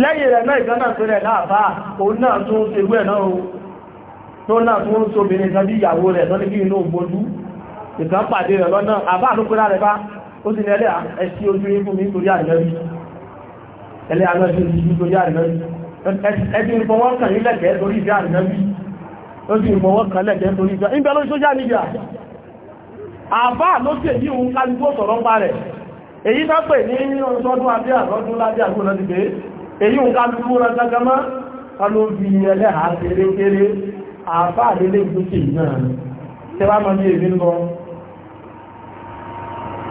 lẹ́yìn rẹ̀ náà ìgbọ́n náà tó rẹ̀ láàfá òun náà tó ṣe wẹ̀ náà tó náà tó ń ìkan pàdé rẹ̀ lọ́nà àbá àlúkúrá rẹ̀ bá ó sì ní ẹlẹ́ ẹ̀sí ojú rí fún mi nítorí àrìlẹ́rí ẹlẹ́ alọ́sí ojú nítorí àrìlẹ́rí ẹbí ìfọwọ́ kan nílẹ̀kẹ́ torí ìfẹ́ àrìlẹ́rí ó sì ìfọwọ́ kan lẹ̀kẹ́ torí ìfẹ́ ìbẹ̀ lórí social media àbá ló tẹ̀ yí òun kálukú sọ̀rọ̀ pa rẹ̀ èyí tó pè ní ọdún abẹ́ àtọ́dún lábẹ́ àgbò náà ti pé èyí òun kálukú rẹ̀ gẹ́gẹ́mọ́ ọlọ́bí ẹlẹ́hàá kéré kéré àbá àlélé ìgbókè náà tẹ́wàá mọ́ ní èmi lọ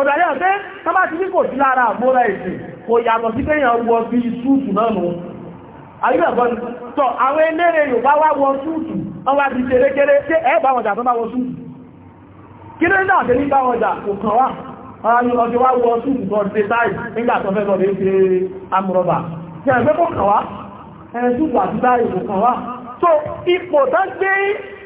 ọ̀dàlẹ́ ọ̀fẹ́ tọ́bá ti ní kò sí lára àmúra ẹ̀sìn kò yàtọ̀ sí pé wọ bí súùtù náà nù àríwẹ̀gbọ́n tọ́ àwọn eléré Yorùbá wá wọ súùtù wọ́n ti ṣeré kéré tí ẹ bá wọn tó bá wọ súùtù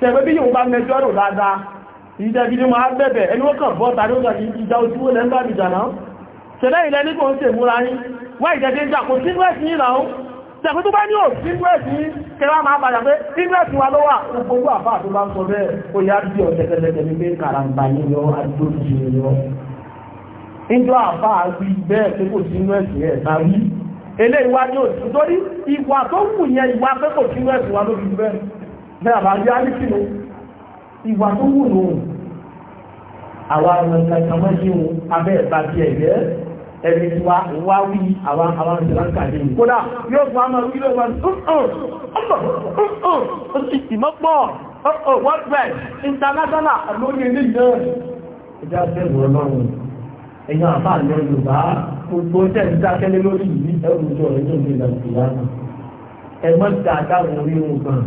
tẹ̀wé bí yóò bá mẹjọ́ rò dáadáa ìjẹ́ gidi máa bẹ̀bẹ̀ ẹni ó kàn bọ́ tàbí ó kàn ìjà ojú ó lẹ́ ń bá bìjà náà tẹ̀lẹ́ ilẹ̀ nígbò ń tèmúra yín wá ìjẹ́dé ìjà kò sínú ẹ̀sìn yìí náà tẹ̀kú tó bá ní òsínú ẹ̀sìn yìí kẹwa máa bàjá pé sínú ẹ̀sìn wa ló wà gbogbo àfáà tó bá ń sọ bẹ́ẹ̀ ìwà tó wù yẹn ló fi bẹ́ẹ̀ bẹ́ẹ̀ àbá jẹ́ alísìnú ìwà tó wù nù àwa nǹkan mọ́ sí wọn abẹ́ ìbàdí ẹ̀yẹ́ ẹ̀rí wa wá wí àwa àwọn ìṣẹ̀láńkà lè mú kódà yóò fún àmà orí lọ́wọ́ ọ̀pọ̀ ìtìmọ́pọ̀ ọ̀pọ̀ world bank international lórí ilé náà ìjà bẹ̀rù ọlọ́run ẹ̀yìn àbá àlọ́ yorùbá gbogbo tẹ̀ ń dákẹ́lé lórí ìlú ẹ̀rù ìjọ rẹ̀ ní ìlú ìlànà ẹ̀mọ́ dáadáa wọn rí wọn gan-an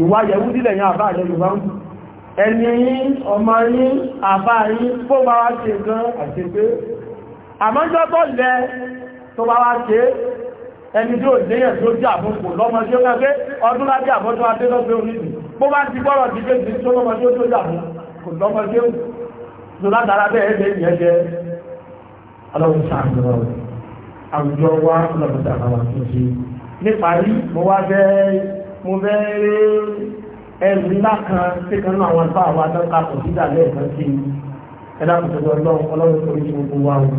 ìwà yẹ̀wú dílẹ̀ yẹn àbá rẹ̀ yorùbá ń ẹni yín ọmọ yín àbá yín bó bá wá ṣe gan àti pé àmọ́jọ́ tó lẹ tó bá wá ṣe ẹni tí ó léyàn tó jẹ́ àbúkù lọ́mọ tí ó gbẹ́ pé ọdún láti àbọ́jọ́ adé lọ́gbẹ́ onídìí bó bá ti gbọ́rọ̀ ti gbé ti mo fẹ́ rí ẹrù ńlá kan tí kan náà àwọn àlùfáà wa tán kápọ̀ sídà lẹ́ẹ̀kan sí i ẹ̀dá kò tẹ̀lé ọlọ́run ọlọ́run tó ní gbogbo wa wù.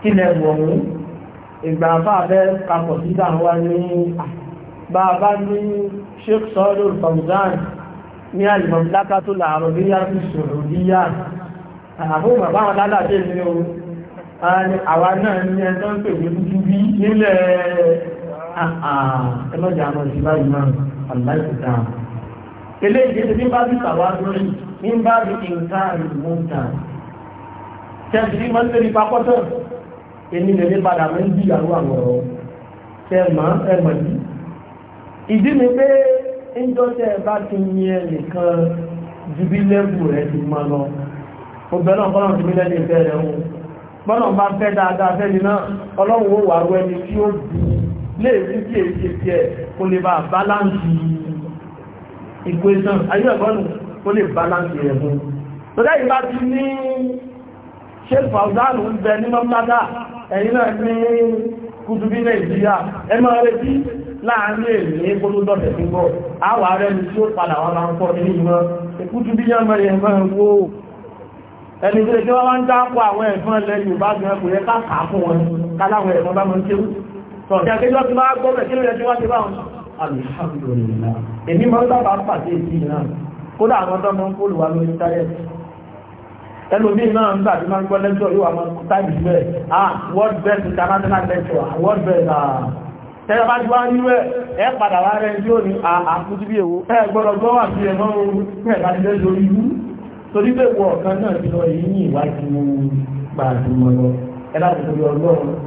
kí lẹ wọ̀ mú ìgbà a bá ní Sheikh Sọ́ọ́lù Fọ̀mùdán ní àlùmọ̀mùláká tó làárọ̀ bí yá fi sọ̀rọ̀ bí yá àbó bàbá wọn lálàdé ní o àwọn náà ní ẹjọ́ ń pè ní dúdú bí nílẹ̀ ẹlọ́jà àwọn ìṣúná ìmọ̀ aláìsíta. eléyìí ti ní bá bí tàwa lórí ní bá bí nǹkan ìlú ta. tẹ̀sí máa ń tẹ̀lé papọ́tọ̀ èmi lè ní padà máa ń bí ìyàwó àwọn ọ̀rọ̀ tẹ̀ mọ́ ẹ mọ̀ yìí. ìdí mi pé ń jọ́sẹ̀ bá ti yin ẹnìkan ju bí lẹ́bù rẹ̀ ti mọ lọ. mo bẹ̀rẹ̀ náà kọ́nà ti mí ìfẹ́ rẹ̀ wọn. bọ́nà bá fẹ́ dáadáa fẹ́ni náà ọlọ́run ó wà wẹ́ni tí ó bí lè rí bí èyí ti ẹ̀ kó lè bá báláǹsì equation ayé ẹ̀kọ́nù kó lè báláǹsì rẹ̀ fún tọ́lá ìbá ti ní ṣe fàúdánù ń bẹ ní mọ́mọ́dá ẹ̀yìn náà ní kùtùbí nàìjíríà ẹ máa retí láàárín èyí ní gbólódọ́tẹ̀ tí bọ́ àwà rẹ̀ ní tí ó padà wọn máa ń kọ́ nínú ìmọ̀ ìkútùbí yàmọ̀ yẹn máa ń wó ẹni tí ó wá ń dápọ̀ àwọn ẹ̀fọn lẹ́yìn ìbá gan kò yẹ ká kà á fún wọn káláwọn ẹ̀fọn bá máa ń kéwù Sọ̀tí akẹ́jọ́ ti máa gbọ́mẹ̀ tí ó yẹ tí wá ti báwọn. Alhamdulillah. Èmi máa ń dábàá pàdé sí náà. Kódà àwọn ọ̀dọ́ máa ń kóòlù wa lórí táyẹ̀tì. Ẹlòmí náà ń gbàdí máa ń gbọ́ lẹ́jọ́ yóò àwọn táìmì sílẹ̀. Ah, World Best International Lecture, World Best. Tẹ́lẹ̀ bá ti wá nírú ẹ̀, ẹ padà wá rẹ̀ tí ní àkútú bí èwo. Ẹ gbọ́dọ̀ gbọ́ wà sí ẹ̀mọ́ ooru,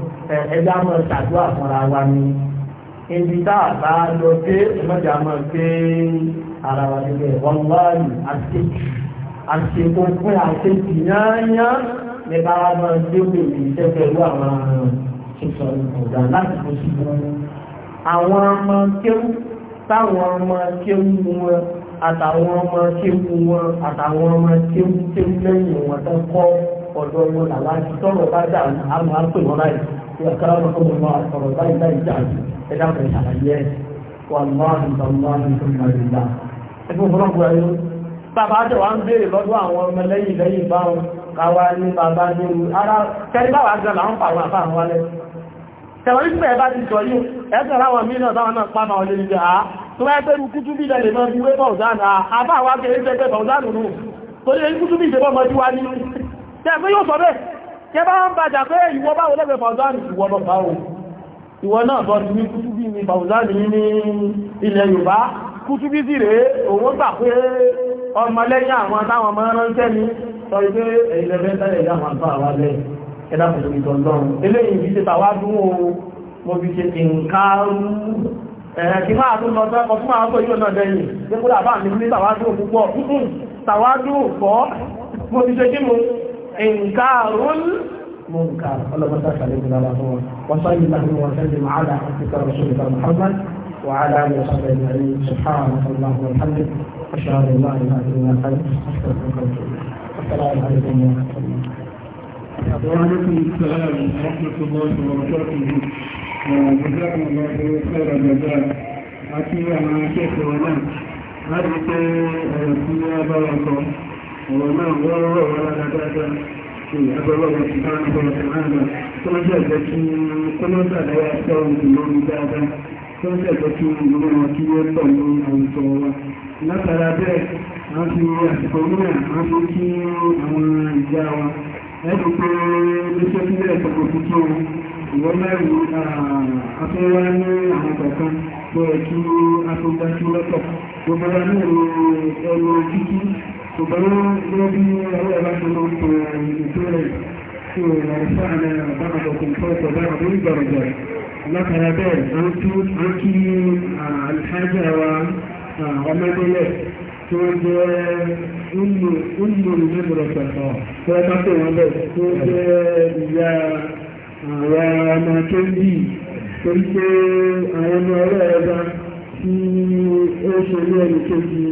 ẹ̀ ẹgbẹ́ àmọ́ ṣàdúrà fúnra wa ni ibi tá a bá lọ pé ìmọ̀jà mọ̀ pé ara wa ti bẹ̀rẹ̀ wọ́n wá ní àṣekò fún àṣekì yányá ní bá wa máa gbé pèlè iṣẹ́ pẹ̀lú àwọn ṣèṣọ ìkọ̀dà láti kó sí wọn. àwọn ọmọ kéwù táwọn ọmọ kéwù wọn àtàwọn ọmọ kéwù wọn àtàwọn ọmọ kéwù kéwù lẹ́yìn wọn tó kọ́ ọ̀dọ́ wọn làwọn àti tọ́rọ̀ bá dà àmọ́ àpè wọn láyìí. وكرمكم الله فرضي لا يجعل إذا كنت عليه والله والله ثم بالله ẹgbẹ́ fọ́nàkù ẹ̀yọ́ bàbá àti wà ń bèèrè lọ́dọ̀ àwọn ọmọ lẹ́yìn lẹ́yìn bá wọn káwà ní bàbá lóru ara kẹrìbáwà gan láwọn pàwọn àfà àwọn alẹ́ tẹ̀wọ̀n ìpẹ́ ẹ̀bá ti sọ yíò ẹgbẹ́ láwọn mílíọ̀n táwọn náà pàmà ọlẹ́ ní à tó bá ẹgbẹ́ kútú bí lẹ́lẹ̀ mọ́ bí wé bọ̀ọ̀dánù àbá àwọn akẹ́rẹ́ ìgbẹ́gbẹ́ bọ̀ọ̀dánù nù torí kútú bí ìṣẹ́bọ̀ mọ́ tẹ bá ń bàjà pé ìwọ báwo lẹ́gbẹ̀ẹ́ fàúzánì ìwọ lọ bá o ìwọ náà bọ́ ní kútúbí ní fàúzánì ní ilẹ̀ Yorùbá kútúbí sí rèé òun gbà pé ọmọ lẹ́yìn àwọn táwọn ọmọ ránṣẹ́ ni sọ pé ẹ̀yìnlẹ́fẹ́ tẹ́lẹ̀ ìyá àwọn àbá wa lẹ́ ẹ̀dá pẹ̀lú ìtọ̀lọ́run eléyìí fi ṣe tàwa dún o mo fi ṣe ìǹkárú ẹ̀rẹ̀ kí máa tún lọ sẹ́kọ̀ọ́ fún àwọn tó mo fi ṣe kí إنكار منكر اللهم صل على على رسول وصلى اللهم وسلم على حبيبك رسولك محمد وعلى آله وصحبه أجمعين سبحانك اللهم وبحمدك أشهد أن لا إله إلا أنت أستغفرك وأتوب إليك السلام عليكم ورحمة الله وعليكم السلام ورحمة الله وبركاته جزاكم الله خير الجزاء أتي مع شيخ ولد هل أتي أبا ọ̀rọ̀ náà wọ́n rọ̀ wọ́n lára dáadáa kí agbọ́lọ́wọ́ ti bá ń bọ̀ sàmánà tó ń jẹ́ kí kọ́lọ́sà dára sọ ìlú dáadáa tó ń jẹ́ kí ìlú wọn kí ó tọ̀ ní àwùjọ wa látara bẹ́ẹ̀ wọ́n fi àsìkò náà wọ́n fi kí àwọn ìyá wa ẹ̀dùn pé iṣẹ́ sílẹ̀ tọkọ̀ tuntun ìwọ́n mẹ́rin afẹ́wà ní àwọn kọ̀ọ̀kan tó ẹ̀kí afẹ́gbájú lọ́tọ̀ gbogbo ní ẹ̀rọ títí ṣùgbọ́n lórí ọwọ́ ìbáṣọ́lọ́ tó ètò rẹ̀ tí ó rẹ̀ sáàlẹ̀ àbámọ̀kọ̀kùn fọ́ọ̀tọ̀ bá orí gbọ̀rọ̀gbọ̀ látara bẹ́ẹ̀ ó kí alhaja wa ọmọdélẹ̀ tí ó jẹ́ ìlú ìlú ìlú ìlú ìlú ìlú ìlú ìlú àwọn ọmọ kẹ́ndì torí pé àwọn ọmọ ọ̀rọ̀ ẹ̀dá tí ó ṣe ní ẹni kejì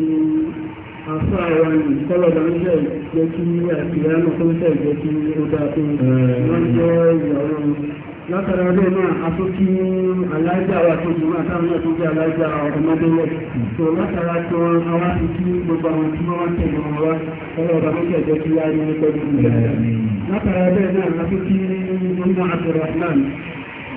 afá àwọn ìkọlọ̀dà ń jẹ́ ìjẹ́ kí àti ìyá náà tó ń jẹ́ ìjẹ́ látara ọdún náà atókí aláìjà wa tó jùlọ àtàwọn náà tó jẹ́ aláìjà ọmọdé lẹ̀ tó látara tó wọn wá sí kí gbogbo àwọn tí wọ́n wá tẹ̀lé wọn wá ọwọ́ ọba méjì ẹ̀jẹ̀ tí wá ní pẹ̀lú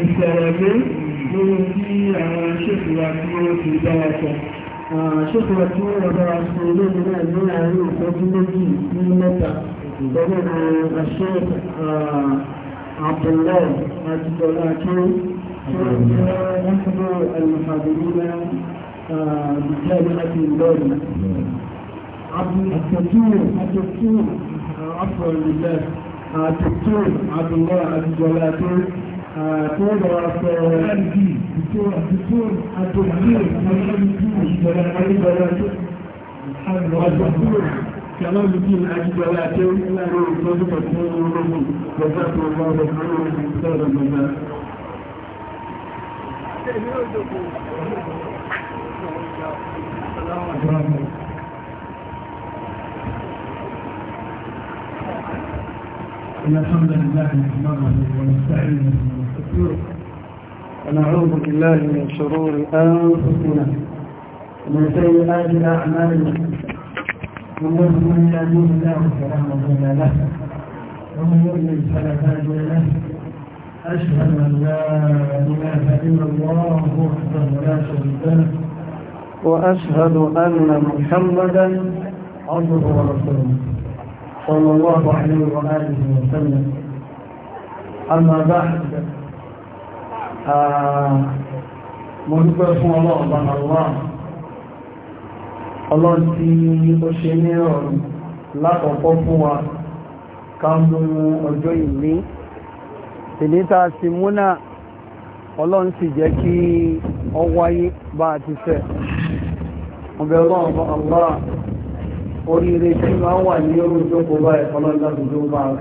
ìṣẹ̀rẹ̀lé lórí bí àwọn ṣètìwà tí ó ti dára sọ ṣètìwà tí ó dára sọ lórí náà ní àárín ìtọ́jú méjì ní mẹ́ta pẹ̀lú àṣẹ àbúrò àjùbọ̀lá tó wọ́n ti bọ́ àlùfàdìrí náà بجامعة اللون الدكتور الدكتور عفوا لله الدكتور عبد الله الجلاتي تدرس الدكتور الدكتور الدكتور الدكتور كلام الدين أجد ولا تقول إلا روح صدق الدين ورحمه وزاك الله خير من خير المزاك السلام عليكم إن الحمد لله نحمده ونستعينه ونعوذ بالله من شرور أنفسنا ومن سيئات أعمالنا من يهد من يهديه الله فلا مضل له ومن يؤمن فلا هادي له أشهد أن لا إله إلا الله وحده لا شريك له وأشهد أن محمدا عبده ورسوله صلى الله عليه وآله وسلم أما بعد Ah, mo dúpẹ́ fún ọlọ́run bá nàlọ́wà ọlọ́run tí ó ṣe ní ọ̀rùn lákọ̀ọ́kọ́ fún wa ká mú ọjọ́ ìní tèlé tá a sì mú náà ọlọ́run sì jẹ́ kí ọ wáyé bá a ti fẹ́ ọbẹ̀ ọlọ́run bá ọlọ́rà oríire tí máa wà ní orúkọ báyìí ọlọ́run láti dúró bá a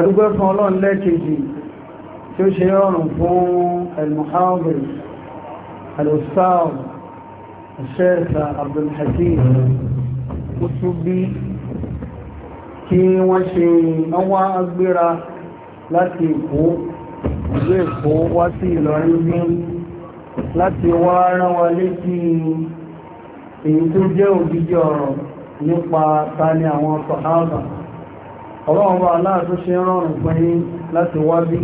kẹlẹ́ fún ọlọ́run lẹ́ẹ̀kejì tí ó ṣe rọrùn fún al-muhadir al-ustaz al-sheikh abdulhakim kutubi kí wọ́n ṣe ọwọ́ agbéra láti èkó ìlú èkó wá sí ìlọrin bí láti wá rán wa létí èyí tó jẹ́ ògidì ọ̀rọ̀ nípa ta ni àwọn sọ̀háàbà ọlọ́run wa aláàtúnṣe rọrùn pẹ́yìn láti wá bí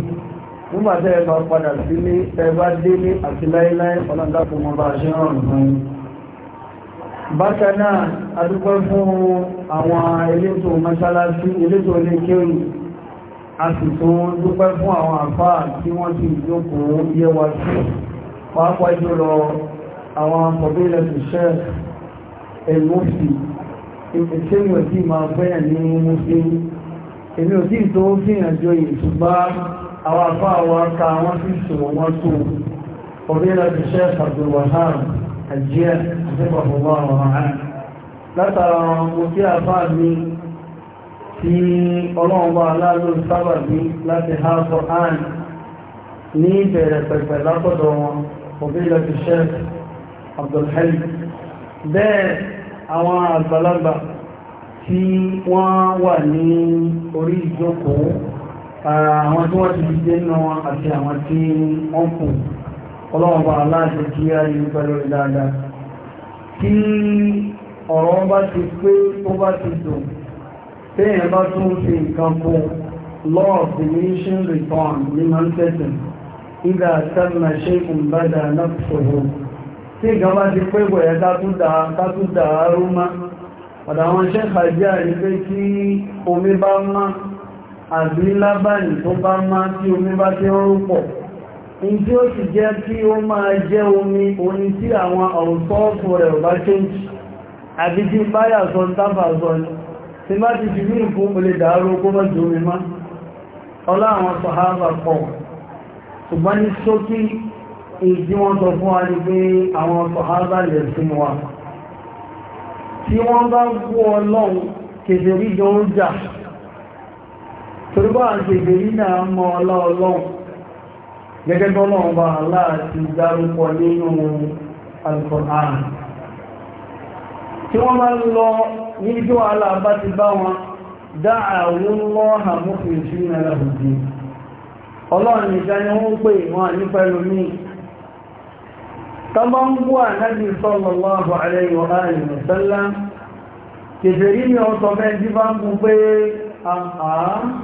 nígbà tẹ́ ẹ bá padà sílé ẹ bá délé àti láíláí ọlọ́dàpọ̀ mọ́ bá ṣe rọrùn fún yín bákan náà adúpẹ́ fún àwọn elétò mọ́ṣáláṣí elétò ilé kéwì a sì tún dúpẹ́ fún àwọn àfáà tí wọ́n ti jókòó yé wa sí pàápàá jùlọ àwọn pọ̀bílẹ̀ tó ṣẹ́ ẹ̀lúfì ìpèsè mi ò tí máa fẹ́yàn ní mú èmi ò tí tó fìyànjọ ìtùbá àwọn àfá àwọn aka wọ́n fi ṣòro wọ́n tó ọ̀rẹ́lá ti ṣe àbúrúwàhán àjíẹ́ àtẹ́bàbọ̀wà ọ̀rán látara mo tí àfá mi tí ọlọ́run bá aláàlú sábà bí láti ha Qur'an ní ìbẹ̀rẹ̀ pẹ̀pẹ̀ látọ̀dọ̀ wọn ọ̀rẹ́lá ti ṣe bẹ́ẹ̀ àwọn àgbàlagbà tí wọ́n wà ní orí ìjókòó àwọn tí wọ́n ti fi dé nínú wọn àti àwọn tí wọ́n kù ọlọ́run bá aláṣẹ kí á yí pẹ̀lú rẹ̀ dáadáa tí ọ̀rọ̀ bá ti pé tó bá ti dùn téèyàn bá tún fi nǹkan fún law of diminishing return ní manchester ìgbà sẹ́mìnà ṣe ìkùnbádà náà ṣòro tí ìgbà bá ti pé wẹ̀ẹ́ tátúdà rú má ọ̀dà àwọn ṣẹ́kàjá ní pé kí omi bá máa àbí lábàrì tó bá má tí omi bá tí ó rúpọ̀ in tí ó sì jẹ́ kí ó máa jẹ́ omi oní tí àwọn ọ̀sọ́ọ̀fù rẹ̀ bá change àbí tí báyà sọ tábà sọ ní tí bá ti fi ní ìfún olè dàárò kó mọ́ jù omi má ọlá àwọn sọ̀hábà pọ̀ ṣùgbọ́n ní ṣókí èdí wọ́n sọ fún wa ní pé àwọn sọ̀hábà lè fún wa tí wọ́n bá jọ ó jà torí bá àti ìgbèrí náà mọ́ ọlọ́ọ̀lọ́un gẹ́gẹ́ bá láti dárúkọ nínú al tí wọ́n máa ń lọ ní ìjọ ti bá wọn dáàwó lọ́ha mọ́fìn sí ẹlẹ́bùdí ọlọ́run ni wọ́n pè wọ́n ní pẹ̀lú sallallahu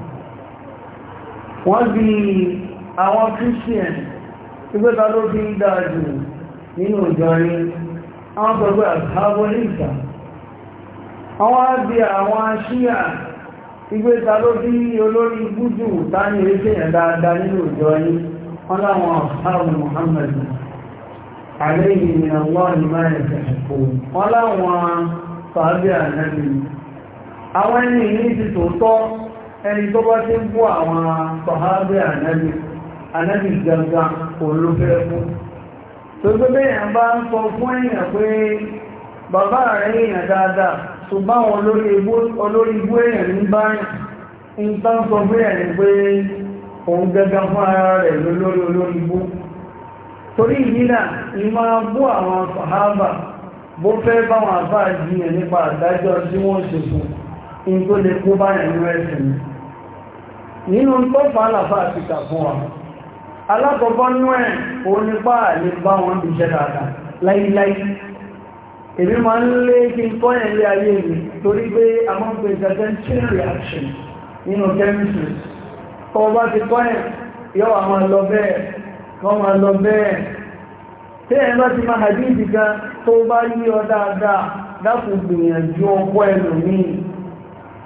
wọ́n bí àwọn christian ìgbẹ́ta ló fi ń dáa jù nínú ìjọrin àwọn pẹ̀lú àbábọ́lìsà àwọn àbí àwọn aṣíyà ìgbẹ́ta ló fi olórí gúúsù tání ẹ̀ṣẹ̀yàn dáadáa nínú ìjọrin wọ́n láwọn àbábọ̀ Muhammad àlẹ́yìn ìrìn àwọn ìmáyẹ̀fẹ̀ wọ́n láwọn sàábẹ̀ àjẹ́bì àwọn ẹni ìní ti tòótọ́ ẹni tó bá ti ń bú àwọn sọ̀hábẹ́ ànábì ànábì gbangba olófẹ́ fún tó bẹ́yàn bá ń sọ fún èèyàn pé bàbá rẹ̀ èèyàn dáadáa ṣùgbọ́n olórí ibú èèyàn ní bá ń tán sọ pé ẹni pé òun gẹ́gẹ́ fún ara rẹ̀ olórí torí ni máa bú àwọn bó fẹ́ àbá nípa in tó lè kó bá rẹ̀ ní ẹ̀sìn nínú tó bá àlàfà àtìkà fún wa alákọ̀ọ́bọ́ ní ẹ̀ onípa lè bá wọn bí jẹ́ dáadáa láíláí èmi máa ń lé kí n kọ́ ẹ̀lẹ́ ayé mi torí pé a máa ń pè ìjẹ́jẹ́ chain reaction nínú chemistry kọ́ bá ti kọ́ ẹ̀ yọ́ àwọn lọ bẹ́ẹ̀ wọ́n máa lọ bẹ́ẹ̀ tí ẹ̀ bá ti máa hàdí ìdíga tó bá yí ọ dáadáa dákùn gbìyànjú ọkọ̀ ẹlòmíì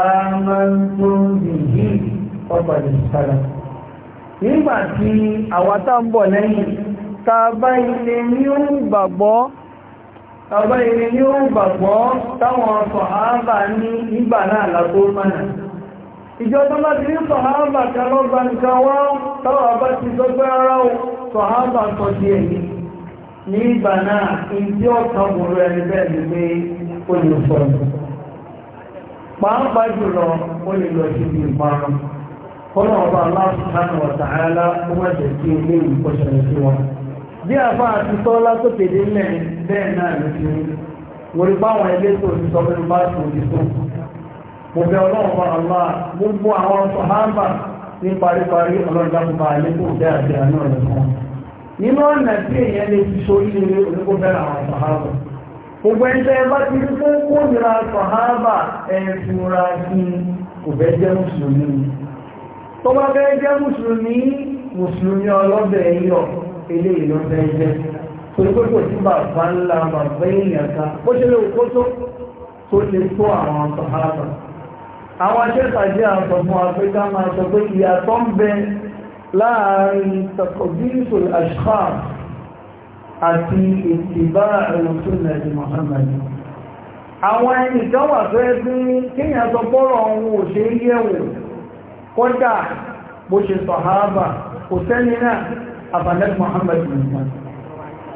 àmàntún bìí ọgbàdì sálà nígbà tí àwa tá ń bọ̀ lẹ́yìn bá ilé ó gbàgbọ́ tàbá ọ ní ó gbàgbọ́ táwọn sọ̀háábà ní ìgbà náà látó mọ́nà ìjọ ti rí sọ̀háábà kan lọ́gbà nǹkan wá táwọn bá ti ara sọ di náà ìdí pàápàá jùlọ ó lè lọ sí ibi ìparun kọ́nà ọba aláṣùkánù ọ̀tàhálà ó má jẹ́ kí ilé ìkọ̀ṣẹ̀lẹ̀ sí wọn. bí àfa àti tọ́lá tó tèdè lẹ̀ bẹ́ẹ̀ náà ló ti rí mo rí báwọn ilé tó ti sọ pé bá tó ti tó. mo bẹ ọlọ́run bá ọlá gbogbo àwọn sọ̀hámbà ní paríparí ọlọ́run dákúbà àlékún bẹ́ẹ̀ àti àánú ọ̀rẹ́ nínú ọ̀nà tí èèyàn lè fi so ilé oníkó bẹ́ẹ̀ àwọn sọ̀hámbà gbogbo ẹgbẹ́ bá ti rí fún kónira sọ̀hábà ẹ̀fúnra sí kò fẹ́ jẹ́ mùsùlùmí tó bá fẹ́ jẹ́ mùsùlùmí mùsùlùmí ọlọ́bẹ̀ ẹ̀yọ eléyìí ló fẹ́ jẹ́ torí pé kò sí bàbá ńlá bàbá èèyàn kan bó ṣe lè kó tó tó lè tó àwọn sọ̀hábà àwọn akẹ́kọ̀ọ́jẹ́ àtọ̀ fún afẹ́ká máa sọ pé ìyàtọ̀ ń bẹ láàárín tàkọ̀bí ìṣòro àṣìkáà àti ìtìbá ẹ̀rọ̀sùnlẹ̀ di Muhammad àwọn ẹni ìjọwà tó ẹ bí kíyàn sọ bọ́rọ̀ ohun òṣè yẹ̀wò kódà bó ṣe sọ̀háàbà kò sẹ́ni náà àbàlẹ́ Muhammad nìkan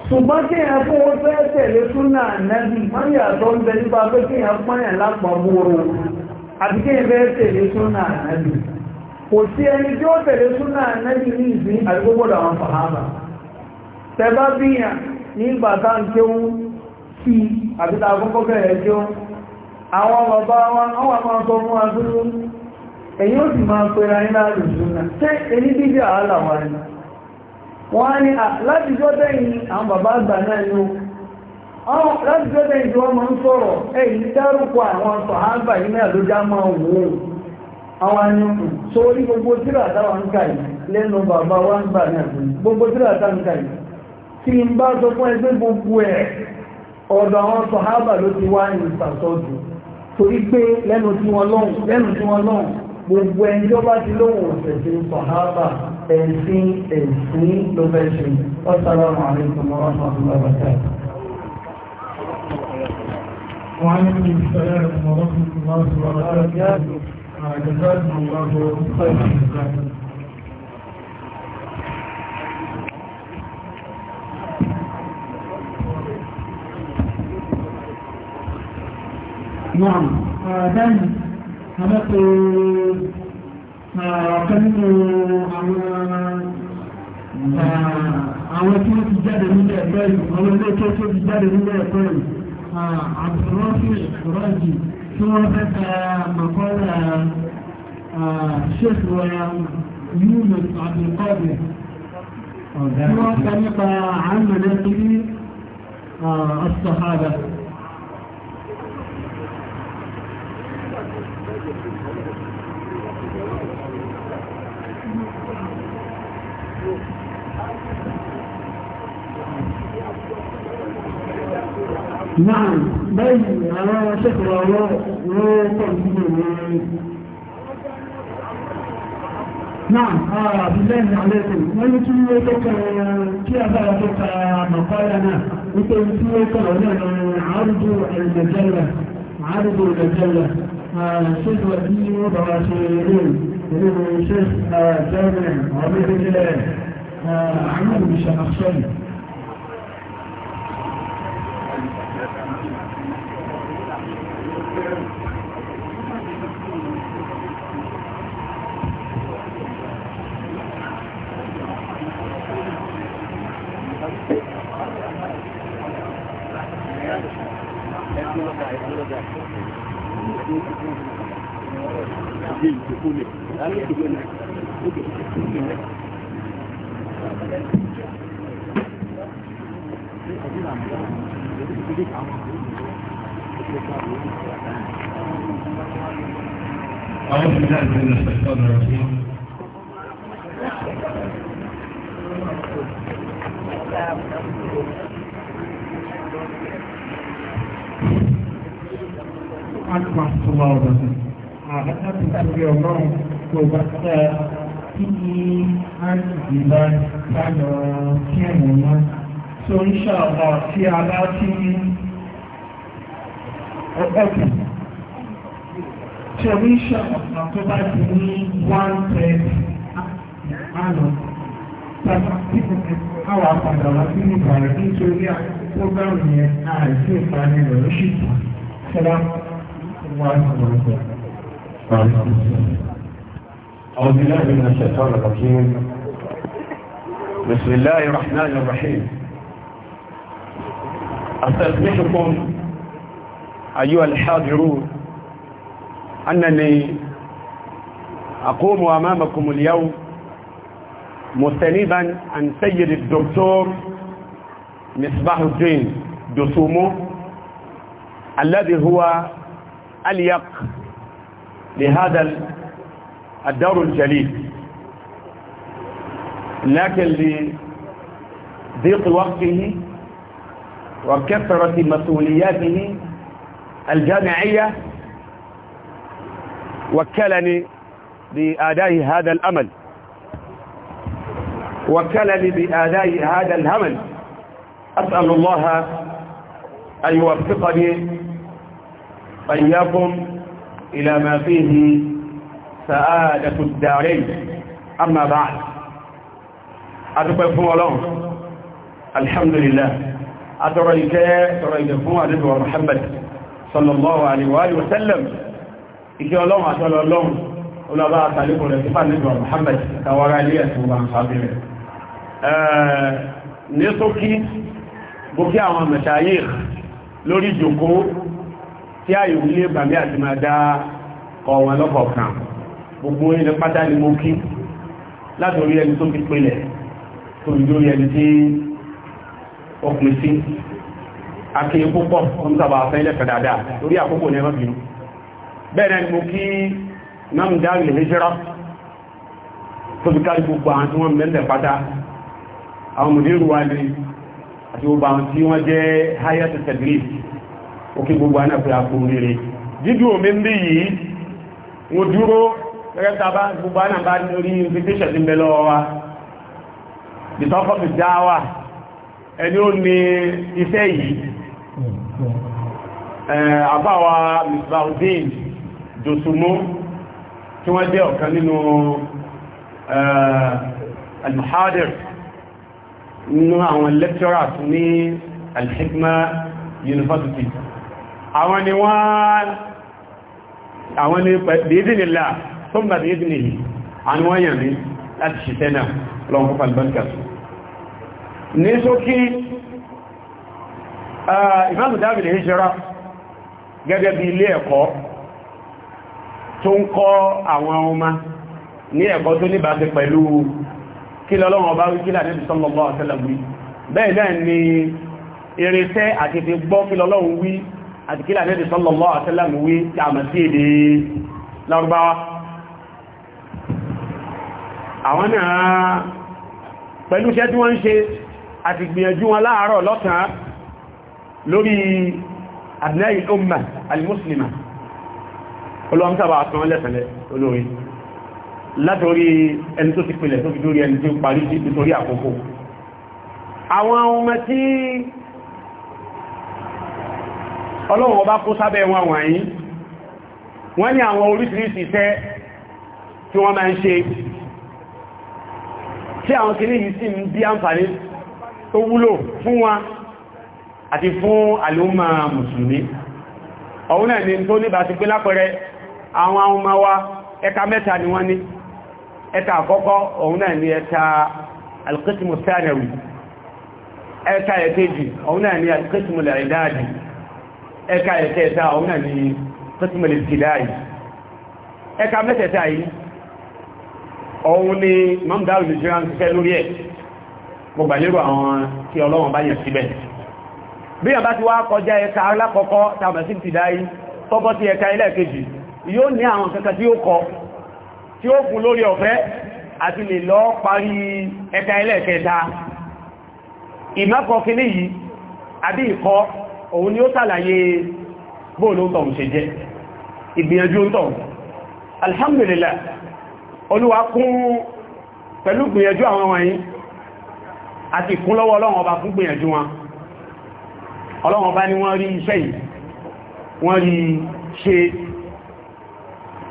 ṣùgbọ́n kíyàn fún wọn fẹ́ tẹ̀lé súnà nẹ́bí mọ́yà tó ń bẹ tẹ́bá bíyàn ní ìgbàta ń ké wú sí àbíta àkọ́kọ́ bẹ̀rẹ̀ àwọn bàbá wọn wà máa sọ fún agbúrú èyí ó sì máa pèrà ní àlùsùnà tẹ́ èyí bíbí àhálà wọ́n láti àwọn bàbá àgbà náà láti tí wọ́n ń sọ̀rọ̀ èyí àwọn máa wò ó àwọn sórí gbogbo tíra àtàwọn ń kà yìí lẹ́nu gbogbo tíra àtàwọn ń kà tí n bá sọ fún ẹgbẹ́ gbogbo ẹ̀ ọ̀dọ̀ àwọn sọ̀hábà ló ti wá ìsàtọ́jú torí pé lẹ́nu tí wọ́n lọ́hùn lẹ́nu tí wọ́n lọ́hùn gbogbo ẹni tó bá ti lóhùn òṣèṣin sọ̀hábà ẹ̀sìn ẹ̀sìn ló fẹ́ ṣe assalamu alaikum warahmatullahi wabarakatuh وعليكم السلام ورحمة الله وبركاته جزاكم الله خيرا نعم bẹ́ẹ̀ni abẹ́kọ̀ pẹ̀lú àwọn tí wọ́n ti jáde nílẹ̀ ẹ̀kọ́ yìí àwọn ilé tó tó ti jáde nílẹ̀ ẹ̀kọ́ yìí àbúrọ́fì rọ́jì tí wọ́n fẹ́ ta mọ̀kọ́lá ṣètò ọ̀yà yúlùs àbíkọ́bẹ̀ tí wọ́n fẹ́ nípa àmì lẹ́tìrí الصحابة Náà báyìí àwọn ṣẹ́kọ̀ọ́ ọwọ́ wọ́n pọ̀ nínú ìwọ̀n. Náà àwọn àbílẹ̀ ní àlẹ́kùn wọ́n ní kí ó tọ́kọ̀ kí a bára tó ka mọ̀kọ́lá náà wípé tí ó kọ̀ọ̀ náà àárùdó ẹ̀rẹ̀jẹ̀lẹ̀ شد ودين وبرسول من شيخ جامع عبيد الله عمر بن Thank you. Adúgbàtúwà ọ̀dọ̀ sí. Àgbàtàkì torí ọlọ́run tó bá tẹ́ kí ní àìsìdì bá dájọ́ kí ẹ̀mọ̀ náà. Tó ń ṣàbà tí a bá tí ọ̀pọ̀pù. Tó ń ṣàbà tó bá ti ní 130 àlọ́. sí àpógbàmù yẹn àìsí rẹ̀ sì sọ́lá wà أعوذ بالله من الشيطان الرجيم بسم الله الرحمن الرحيم أستثمحكم أيها الحاضرون أنني أقوم أمامكم اليوم مستنيبا عن سيد الدكتور مصباح الدين دسومو الذي هو أليق لهذا الدور الجليل لكن لضيق وقته وكثرة مسؤولياته الجامعية وكلني بأداء هذا الأمل وكلل بآداء هذا الهمل أسأل الله أن يوفقني وإياكم إلى ما فيه سعادة الدارين أما بعد أتبقى فهو الله الحمد لله أتريك أتريك فهو أدبه محمد صلى الله عليه وآله وسلم إكي الله أتولى الله ولا بأس عليكم لكفان نبوة محمد كورا لي أتبقى عن ní sókí gbogbo àwọn mẹ̀ṣáyé lórí ìjòkó tí a yìí wílé bàmí àti máa dá ọ̀wọ̀n lọ́kọ̀ọ̀kan gbogbo ilẹ̀ pátá ni mo kí láti orí ẹni tó ti pẹ̀lẹ̀ tó rí lórí ẹni tí ọkùnrin sí akéyí púpọ̀ ọmọ sábà fẹ́ ilẹ̀ kàdàdà lórí àkókò ní ẹmọ́bìnú bẹ́ẹ̀ ni mo kí náà dárí ìhẹ́ṣẹ́rọ́ tó fi kárí gbogbo àwọn tí wọ́n mẹ́lẹ̀ pátá àwọn mùdírù wa ní àti gbogbo àwọn tí wọ́n jẹ́ higher secondary òkè gbogbo àná pé àkó rere dídú omi ń bí yìí mo dúró gẹ́gẹ́ tá bá gbogbo àná bá rí invitation ti ń wa the talk of the dawa ẹni ó ní iṣẹ́ yìí àbáwa misbaudin josumo tí wọ́n jẹ́ ọ̀kan nínú al-muhadir nínú àwọn lecturers ní Al-Hikma University àwọn ni wọ́n àwọn ni bèèdìnìlá tó ń bà bèèdìnìlì àwọn wọ́n yàn ní láti ṣiṣẹ́ náà lọ́wọ́n púpọ̀ albẹ́kàtù ní sókí ìmáàmù dábìlì hijira gẹ́gẹ́ bí ilé ẹ̀kọ́ tó ń kọ́ àwọn ọmọ ní ẹ̀kọ́ tó níbàáṣe pẹ̀lú kí lọ́lọ́wọ́ bá wí kí lànẹ́bì sallallahu alaihi wasallam wí bẹ́ẹ̀ náà ni irinṣẹ́ àti ti gbọ́ kí lọ́lọ́wọ́ wí àti kí lànẹ́bì sallallahu alaihi wasallam wí tí a mọ̀ sí èdè lárúbáwá àwọn náà pẹ̀lú iṣẹ́ tí wọ́n ń látorí ẹni tó ti pìlẹ̀ tó fi dórí ẹni tó parí sí nítorí àkókò àwọn ọmọ tí ọlọ́wọ́ bá kó sábẹ́ wọn wọ̀nyí wọ́n ní àwọn oríṣiríṣi iṣẹ́ tí wọ́n máa ń ṣe tí àwọn kìíní yìí sì ń bí àǹfààní tó wúlò fún wọn àti fún àlúmà mùsùlùmí ọ̀hún ni tó níbà ti pé lápẹẹrẹ àwọn ọmọ wa ẹ̀ka mẹ́ta ni wọ́n ní ẹ̀ka àkọ́kọ́ òun náà ni ẹ̀ka alkitimu sanawi ẹ̀ka ẹ̀kejì òun náà ni alkitimu lẹ́ẹ̀dáàdì ẹ̀ka ẹ̀kẹta òun náà ni alkitimu lẹ́ẹ̀dáàdì ẹ̀ka mẹ́tẹ̀ẹ̀ta yìí òun ni mamdaru nigeria ń fẹ́ lórí ẹ̀ mo gbà lérò àwọn tí ọlọ́wọ̀n bá yàn síbẹ̀ bí yàn bá ti wá kọjá ẹ̀ka alákọ̀ọ́kọ́ tàbí sí ti dáyí tọ́bọ́ sí ẹ̀ka ẹlẹ́ẹ̀kejì yóò ní àwọn kankan tí ó kọ tí ó gùn lórí ọ̀fẹ́ àti lè lọ parí ẹ̀ka ẹlẹ́ẹ̀kẹta ìmọ́kọ̀ kìíní yìí àbí ìkọ́ òun ni ó sàlàyé bóòlù ń tọ̀hún ṣe jẹ́ ìgbìyànjú ń tọ̀hún alhamdulillah olúwa kún pẹ̀lú gbìyànjú àwọn wọ̀nyí àti kún lọ́wọ́ ọlọ́run ọba fún gbìyànjú wọn ọlọ́run ọba ni wọ́n rí iṣẹ́ yìí wọ́n rí ṣe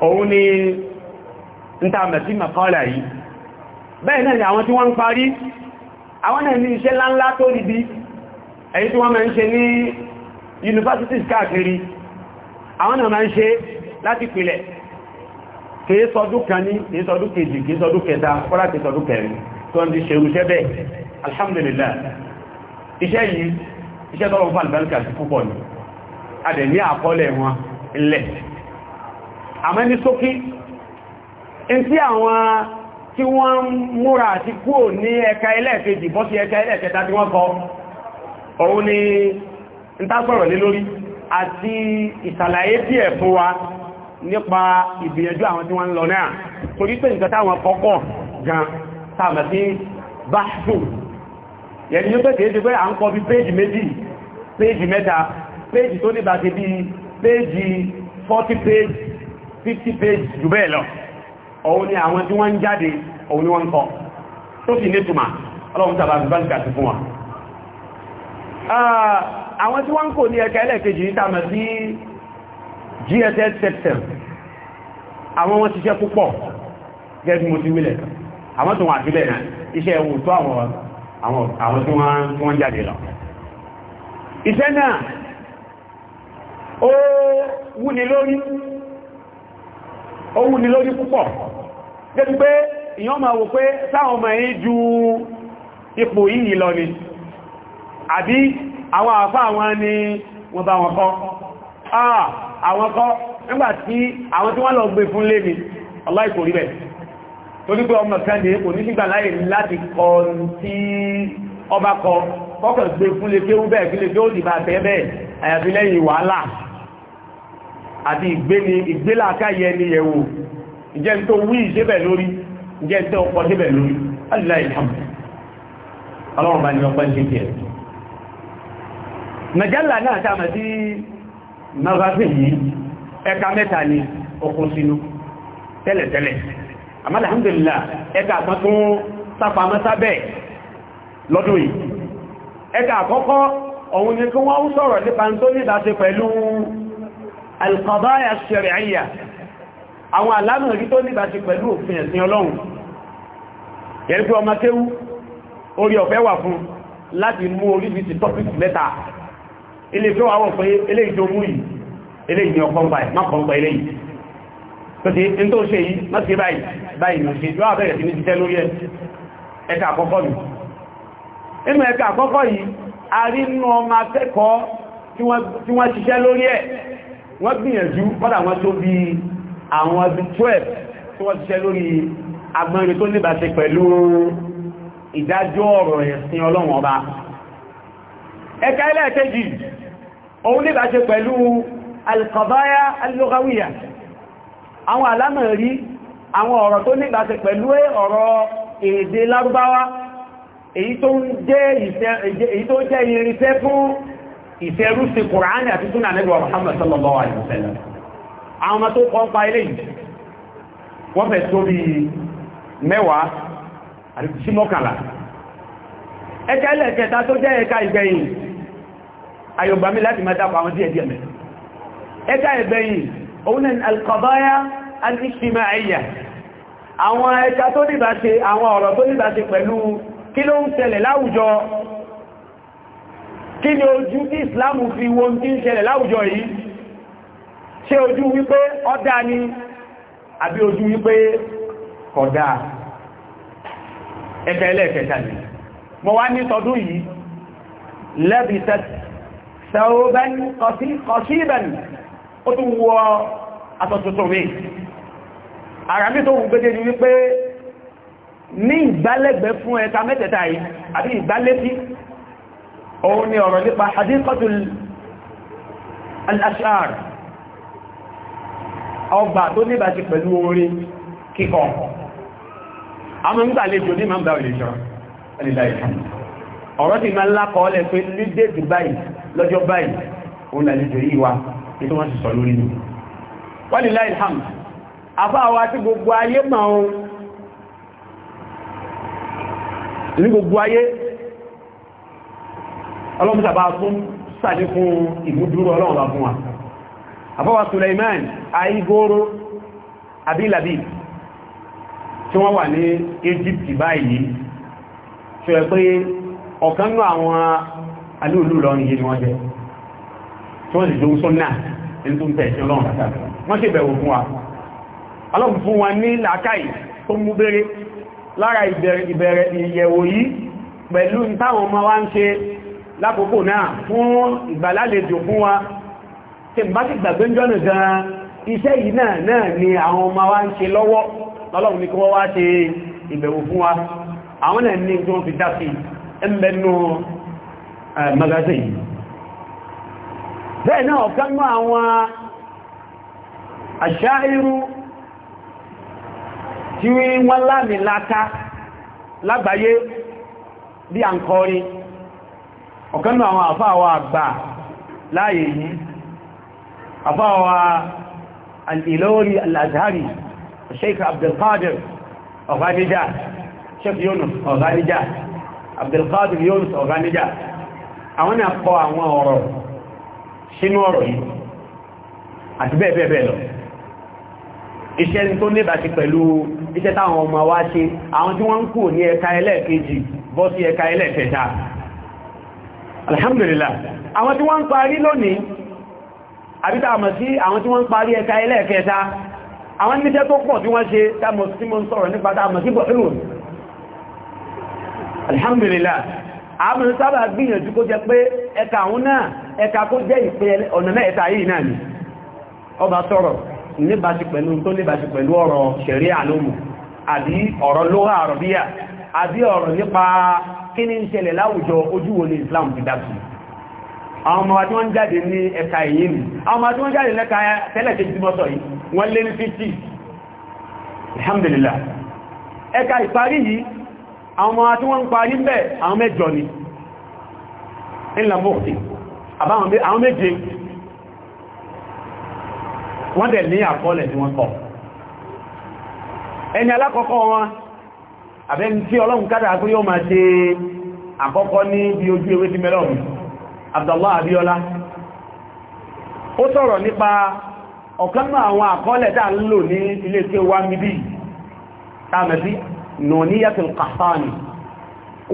òun ni níta mẹ̀sí mẹ̀kọ́lá yìí bẹ́ẹ̀ náà ni àwọn tí wọ́n ń parí àwọn náà ní iṣẹ́ láńlá tó ríbi èyí tí wọ́n máa ń ṣe ní universities káàkiri àwọn náà máa ń ṣe láti pìlẹ̀ kìí sọdún kan ní kìí sọdún kejì kìí sọdún kẹta kọ́lá kìí sọdún kẹrin tó ń di ṣerúṣẹ́ bẹ́ẹ̀ alhamdulillah iṣẹ́ yìí iṣẹ́ tọ́lọ́ fún àlùbáríkà sí púpọ̀ ni a dẹ̀ ní àkọọ́lẹ̀ wọn ilẹ̀ àmọ́ ní ṣókí in tí àwọn tí wọ́n múra àti kúò ní ẹka ẹlẹ́ẹ̀kejì bọ́ sí ẹka ẹlẹ́ẹ̀kẹta tí wọ́n kọ òun ni ń tágbọ̀rọ̀ lé lórí àti ìsàlàyé díẹ̀ fún wa nípa ìgbìyànjú àwọn tí wọ́n ń lọ náà torí pé nǹkan táwọn kọ́kọ́ gan sáàmà sí báṣù yẹni ló pẹ̀tẹ̀ èdè pé à ń kọ bí péjì méjì 50 péjì jù bẹ́ẹ̀ lọ òun ni àwọn tí wọ́n ń jáde òun ni wọ́n ń kọ tó sì ní túnmà ọlọ́run tàbí àbúbáǹkà ti fún wa ah, àwọn tí wọ́n ń kò ní ẹ̀kẹ́ ẹlẹ́kejì ní tàmà sí gss sector àwọn wọn ṣiṣẹ́ púpọ̀ gẹ́gẹ́ mo ti wílẹ̀ àwọn tó wọ́n àti náà iṣẹ́ ewu tó àwọn tí wọ́n jáde lọ iṣẹ́ náà ó wúni lórí lórí púpọ̀ débi pé ìyàn máa wò pé sáwọn ọmọ yìí ju ipò yìí lọ ni àbí àwọn àfá àwọn ni wọ́n bá wọn kọ́ ah, àwọn kọ́ nígbàtí àwọn tí wọ́n lọ gbé fún lé ni Allah kò rí bẹ̀ torí pé ọmọ kan ní kò ní sígbà láyé láti kọ tí ọba kọ kọ́kàn gbé fún lé kéwú bẹ́ẹ̀ fi lé dìbà bẹ́ẹ̀ àyàfi lẹ́yìn wàhálà àti ìgbélàkáyẹ ni yẹ̀wò ìjẹ́ tó wí ìṣẹ́bẹ̀ lórí ìjẹ́ tó ọkọ̀ ṣẹ́bẹ̀ lórí aláìhàmù ọlọ́run bá ní ọpẹ́ ṣe kí ẹ̀ mẹjálà náà sáàmà sí magazine yìí ẹ̀ka mẹ́ta ni okun sínú tẹ́lẹ̀tẹ́lẹ̀ àmàlàmdùlá ẹ̀ka kan tún sápamọ́sábẹ̀ lọ́dún yìí ẹ̀ka àkọ́kọ́ àwọn àlànà rí tó nígbà ti pẹ̀lú òfin ẹ̀sìn ọlọ́run yẹ̀rí pé ọmọ kéwú orí ọ̀fẹ́ wà fún láti mú orí bí ti topic mẹ́ta ilé tó wà wọ́n pé ilé ìjọmú yìí ilé ìní ọkọ̀ǹgbà ẹ̀ mákọ̀ǹgbà ilé yìí tó ti ń tó ṣe yìí má ṣe báyìí báyìí ní ṣe yóò bẹ̀rẹ̀ sí ní jíṣẹ́ lórí ẹ̀ka àkọ́kọ́ mi inú ẹ̀ka àkọ́kọ́ yìí a rí nú ọmọ akẹ́kọ̀ọ́ tí wọ́n ṣiṣẹ́ lórí ẹ̀ wọ́n gbìyànjú kọ́dà wọ́n tó bíi àwọn ọdún 12 tí wọ́n ti ṣe lórí agbọ́nrin tó níbàṣe pẹ̀lú ìdájọ́ ọ̀rọ̀ ẹ̀sìn ọlọ́run ọba ẹ̀ka ẹlẹ́ẹ̀kejì òun níbàṣe pẹ̀lú alkọ̀báyá alógáwíyà àwọn alámọ̀rí àwọn ọ̀rọ̀ tó níbàṣe pẹ̀lú ọ̀rọ̀ èdè lárúbáwá èyí tó jẹ́ irinṣẹ́ fún ìfẹ́rúsí kùránì àti súnà Ànábì Muhammad sallallahu alaihi wasallam àwọn ọmọ tó kọ́ pa ilé yìí wọ́n fẹ́ tó bí mẹ́wàá àti sí mọ́kànlá ẹ̀ka ẹlẹ́kẹta tó jẹ́ ẹ̀ka ìgbẹ̀yìn ayọ̀gbàmí láti máa dápa àwọn díẹ̀ díẹ̀ mẹ́ ẹ̀ka ìgbẹ̀yìn òun alqadaya al-ijtima'iyya àwọn ẹ̀ka tó níbà ṣe àwọn ọ̀rọ̀ tó níbà ṣe ni ojú Islam fi wo ń tí ń ṣẹlẹ̀ láwùjọ yìí ṣé ojú wípé ọ̀dá ni àbí ojú wípé kọ̀dá ẹ̀kẹ́ ẹlẹ́ẹ̀kẹta ni mo wá ní tọdún yìí lẹ́bí sẹ́ọ̀bẹ́n kọ̀síbẹ̀n ó tún wọ asọ̀tọ̀tọ̀ mi ara mi tó wù gbẹ́gẹ́ ni wípé ní ìgbálẹ́gbẹ́ fún ẹ̀ka mẹ́tẹ̀ẹ̀ta yìí àbí ìgbálẹ́sí òun ni ọ̀rọ̀ nípa hadíkọ́tù al-ashar ọgbà tó níbà ti pẹ̀lú orin kíkọ àmọ́ ń gbàlejò ní máa ń bá olè jọ ẹlẹ́lá ìfẹ́ ọ̀rọ̀ ti máa ń lákọọ́lẹ̀ pé lídèdì báyìí lọ́jọ́ báyìí òun làlejò yìí wa ní tó wọ́n ti sọ lórí ní wọ́lìlá ìhàm àfáàwà tí gbogbo ayé máa ohun ní gbogbo ayé ọlọ́mùsàbá fún sàdékún ìmúdúró ọlọ́run wa fún wa àfọwà Suleiman aigoro abilabi tí wọ́n wà ní Egypt báyìí tí ó pé ọ̀kan ní àwọn alúlù lọ níye ni wọ́n jẹ́ tí wọ́n sì jò ń sọ́nà ẹni tó ń tẹ̀ẹ̀ṣẹ́ ọlọ́run wọ́n sì bẹ̀rù fún wa ọlọ́run fún wa ní làákàì tó mú bèrè lára ìbẹ̀rẹ̀ ìyẹ̀wò yìí pẹ̀lú táwọn ọmọ wa ń ṣe lákòókò náà fún ìgbàlálejò fún wa tí bá ti gbàgbé jọ́nà gan iṣẹ́ yìí náà náà ni àwọn ọmọ wa ń ṣe lọ́wọ́ lọ́lọ́run ní kí wọ́n wá ṣe ìbẹ̀wò fún wa àwọn náà ní tí wọ́n fi dá sí ẹmẹ́nu magazine bẹ́ẹ̀ náà ọ̀kan mọ́ àwọn àṣáírú tí wọ́n lámì láká lágbàáyé bí à ń kọrin ọ̀kan mọ́ àwọn àfáà wa àgbà láàyè yìí àfáwà al'ilori al'adhari sheik abdulkadir ọ̀gánijá sheik yunus ọ̀gánijá abdulkadir yunus ọ̀gánijá àwọn àpọ̀ àwọn ọ̀rọ̀ sínú ọ̀rọ̀ yìí àti bẹ́ẹ̀bẹ́ẹ̀ lọ iṣẹ́ tó níbàtí pẹ̀lú iṣẹ́ táwọn ọmọ wa ṣe àwọn tí wọ́n ń kù ní ẹ̀ka ẹlẹ́ẹ̀kejì bọ́ sí ẹ̀ka ẹlẹ́ẹ̀kẹta alhamdulillah àwọn tí wọ́n ń parí lónìí àbíta àmọ̀ sí àwọn tí wọ́n ń parí ẹ̀ka ẹlẹ́ẹ̀kẹta àwọn níṣẹ́ tó pọ̀ tí wọ́n ṣe tàmọ̀ sí mọ́ sọ̀rọ̀ nípa tàmọ̀ sí bọ̀hìlùn alhamdulillah àmì sábà gbìyànjú kó jẹ pé ẹ̀ka àwọn náà ẹ̀ka kó jẹ́ ìpé ọ̀nà mẹ́ta yìí náà ni ọba sọ̀rọ̀ níbàṣì pẹ̀lú tó níbàṣì pẹ̀lú ọ̀rọ̀ ṣẹ̀rí àlómù àbí ọ̀rọ̀ lóhà àrọ̀bíyà àbí ọ̀rọ̀ nípa kí ní ń ṣẹlẹ̀ láwùjọ ojú wo ni Islam ti dá sí àwọn ọmọ tí wọ́n jáde ní ẹ̀ka èyí nì àwọn ọmọ wọ́n jáde lẹ́ka tẹ́lẹ̀ tẹ́jì tí yìí wọ́n lé ní 50 alhamdulillah ẹ̀ka ìparí yìí àwọn ọmọ tí wọ́n ń parí bẹ́ àwọn mẹ́jọ ni ńlá mọ́ọ̀tì àwọn méje wọ́n dẹ̀ ní àkọọ́lẹ̀ tí wọ́n kọ ẹni alákọ̀ọ́kọ́ wọn àbẹ́ni tí ọlọ́run kádà agbórí máa ṣe àkọ́kọ́ ní bí ojú ewé ti mẹ́lọ́rùn Abdullah Abiola ó sọ̀rọ̀ nípa ọ̀kánmà àwọn àkọọ́lẹ̀ tàà ń lò ní ilé tí wá níbí tààmẹ̀sí nà ní yàtìl kàfàánì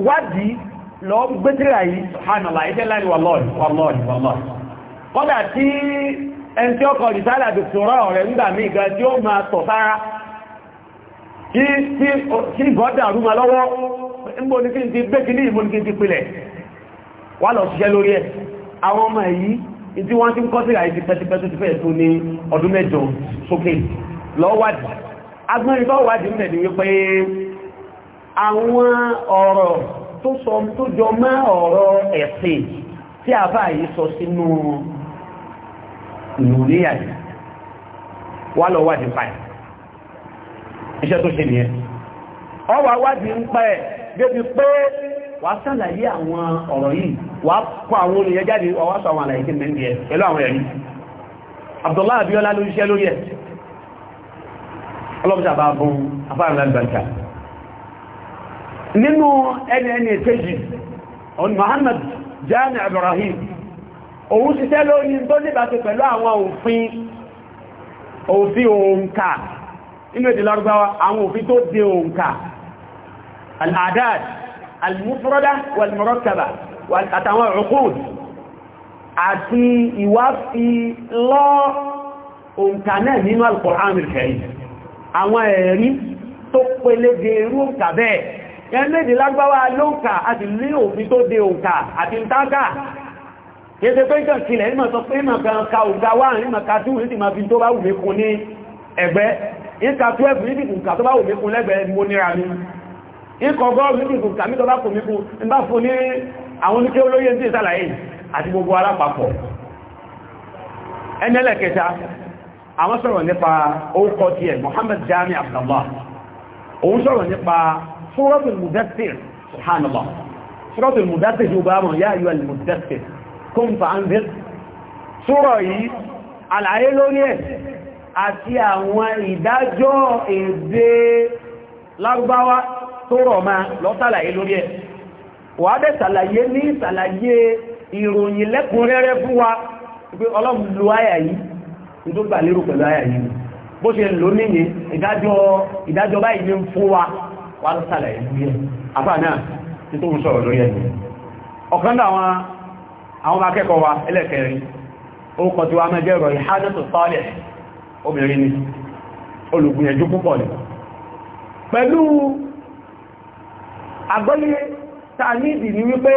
wádìí lọ gbẹ́tìrà yìí hànàlá ìfẹ́ láì wàlọ́ọ̀dì wàlọ́ọ̀dì ti n wà lọ ṣiṣẹ́ lórí ẹ̀ àwọn ọmọ èyí tí wọ́n ti ń kọ́ sí àìsí pẹ́tipẹ́tù ti fẹ́ẹ̀ tó ní ọdún mẹ́jọ sókè lọ́wádìí iṣẹ́ tó ṣe nìyẹn ọwà wádìí ń pẹ́ débi pé wàá sàlàyé àwọn ọ̀rọ̀ yìí wàá kọ àwọn olùyẹ jáde wàá sọ àwọn àlàyé tí mẹ́rin ẹ̀ pẹ̀lú àwọn ẹ̀rí Abdullahi Abiola ló ṣiṣẹ́ lórí ẹ̀ ọlọ́pàá bá bún afáràn lálùbáríkà nínú ẹni ẹni al-adad alìmúfúrọ́dá wàlìmọ́rọ́kàbà àtàwọn ọ̀rọ̀kùn àti ìwá fi lọ òǹkà náà nínú alìkọ̀ránì kẹrì àwọn ẹ̀rí tó pẹlẹ́gẹ irú òǹkà bẹ́ẹ̀ ẹ̀mẹ́dì lágbáwá lóǹkà àti lé òfin tó de òǹkà àti ìtaká kéèsẹ́ pé ìkàn sílẹ̀ ìmọ̀ sọ pé ìmọ̀ kan ka òǹkà wà ìmọ̀ ka tí wùí sì máa fi tó bá wù mí kún ní ẹgbẹ́ ìkà 12 ní ìdìkùnkà tó bá wù mí kún lẹ́gbẹ̀ẹ́ mo níra mi ikọ̀ gọ́ọ̀gì ní ìkùnkà mí tọ́lá kùnmí kú ń bá fún ní àwọn oníkẹ́ olóyè tí ìsàlàyé àti gbogbo alápapọ̀ ẹni ẹlẹ́kẹta àwọn sọ̀rọ̀ nípa orúkọ tí ẹ̀ Muhammad Jami Abdullah òun sọ̀rọ̀ nípa Suratul Mudaththir subhanallah Suratul Mudaththir yóò bá mọ̀ yá ayọ́ al-Mudaththir kún fa ń bí sọ́rọ̀ yìí àlàyé lórí ẹ̀ àti àwọn ìdájọ́ èdè lárúbáwá tó rọ̀ ma lọ sàlàyé lórí ẹ̀ wà bẹ́ sàlàyé ní sàlàyé ìròyìn lẹ́kùnrẹ́rẹ́ fún wa pé ọlọ́run lo àyà yìí tó gbà lérò pẹ̀lú àyà yìí bó ṣe lò níyìn ìdájọ́ ìdájọ́ báyìí ní fún wa wà lọ sàlàyé àwọn akẹ́kọ̀ọ́ wa ẹlẹ́kẹrin ó kọ̀ tí wá mẹ́jẹ́ rọ̀ ìhádẹ́tò sọ́ọ̀lẹ̀ obìnrin ni olùgbìyànjú púpọ̀ ni pẹ̀lú àgbọ́yé tàníìdì ní wípé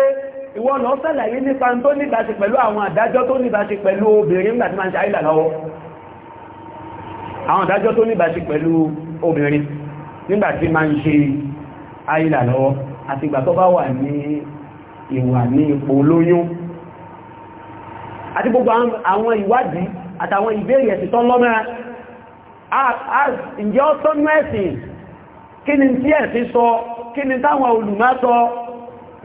ìwọ lọ sẹ́lẹ̀yé nípa tó níbàṣe pẹ̀lú àwọn àdájọ́ tó níbàṣe pẹ̀lú obìnrin nígbà tí máa ń ṣe àìlà lọ́wọ́ àwọn àdájọ́ tó níbàṣe pẹ̀lú obìnrin nígbà tí máa ń ṣe àìlà lọ́wọ́ àti ìgbà tó bá wà ní ìwà ní ipò olóyún àti gbogbo àwọn ìwádìí àtàwọn ìbéèrè ẹ̀sìn tó lọ́mọ́ra ǹjẹ́ ọ́ sọ́nú kí ni tí ẹ̀sìn sọ kí ni táwọn olùmọ̀ sọ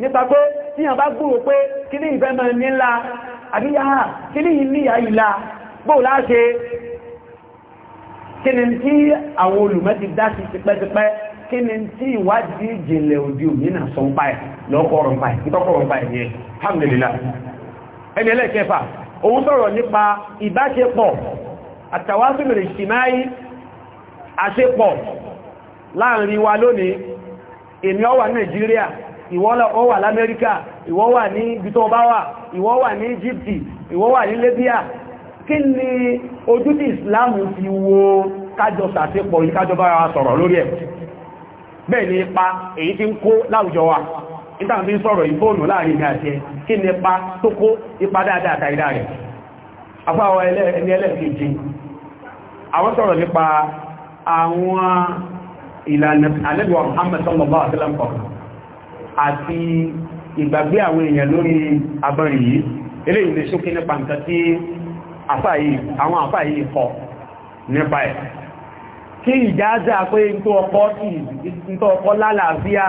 nípa pé tí yàn bá gbúrò pé kí ní ìfẹ́ mọ̀ nílá àbí yáà kí ní ìníyà ìlà bóò láṣe kí ni tí àwọn olùmọ̀ ti dá sí tipẹ́tipẹ́ kí ni tí ìwádìí ìjìnlẹ̀ òdí òmìnà sọ ń páẹ̀ lọ́kọ̀ọ̀rọ̀ páẹ̀ nítọ́kọ̀ọ̀rọ̀ páẹ̀ yẹ láàrin wa lónìí èmi ọ wà ní Nàìjíríà ìwọ ọ wà l'Amẹ́ríkà ìwọ ní ibi tó bá wà ní Egypt ìwọ wà ní Libya kí ni ojú tí Islam fi wo kájọ sàtẹ́pọ̀ ní kájọ bára wa sọ̀rọ̀ lórí ẹ̀ bẹ́ẹ̀ ni ipa èyí tí ń kó láwùjọ wa ìtàn fi ń sọ̀rọ̀ ìfóònù láàrin ìgbà àti ẹ kí ni tó kó ipa dáadáa àtàrídà rẹ̀ afáwọ ẹni ẹlẹ́ẹ̀kejì ìlànà àlẹ́bùwà Muhammad sallallahu alaihi wasallam kọ̀ọ̀kan àti ìgbàgbé àwọn èèyàn lórí abọ́rin yìí eléyìí lè ṣókí nípa nǹkan tí àwọn àfà yìí kọ nípa ẹ̀ kí ìjáza pé tó ọkọ́ tí tó ọkọ́ lálàáfíà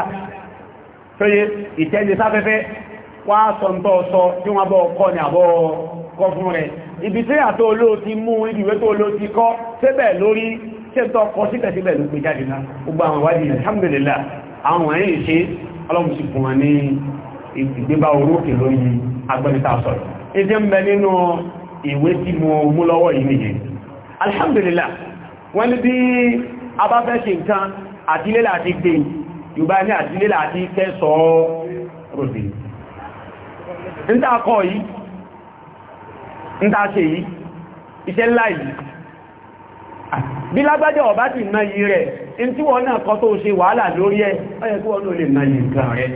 tó yé ìtẹ́lẹ̀ sáfẹ́fẹ́ wá sọ tó sọ tí wọ́n bọ́ ọkọ́ ní àbọ́ kọ fún rẹ̀ ibi tí àtó ṣe tọ́ kọ síbẹ̀ síbẹ̀ ló gbé jáde náà gbogbo àwọn ìwádìí alhamdulillah àwọn wọ̀nyí ṣe ọlọ́run sì fún wọn ní ìgbégbá orókè lórí agbẹ́nita sọ̀rọ̀ ìdí ń bẹ nínú ìwé tí mo mú lọ́wọ́ yìí nìyẹn alhamdulillah wọ́n ní bí bí lágbájá ọ̀bá ti ná yìí rẹ̀ in tí wọ́n náà kọ́ tó ṣe wàhálà lórí ẹ̀ ọyẹ kí wọ́n ló lè ná yìí nǹkan rẹ̀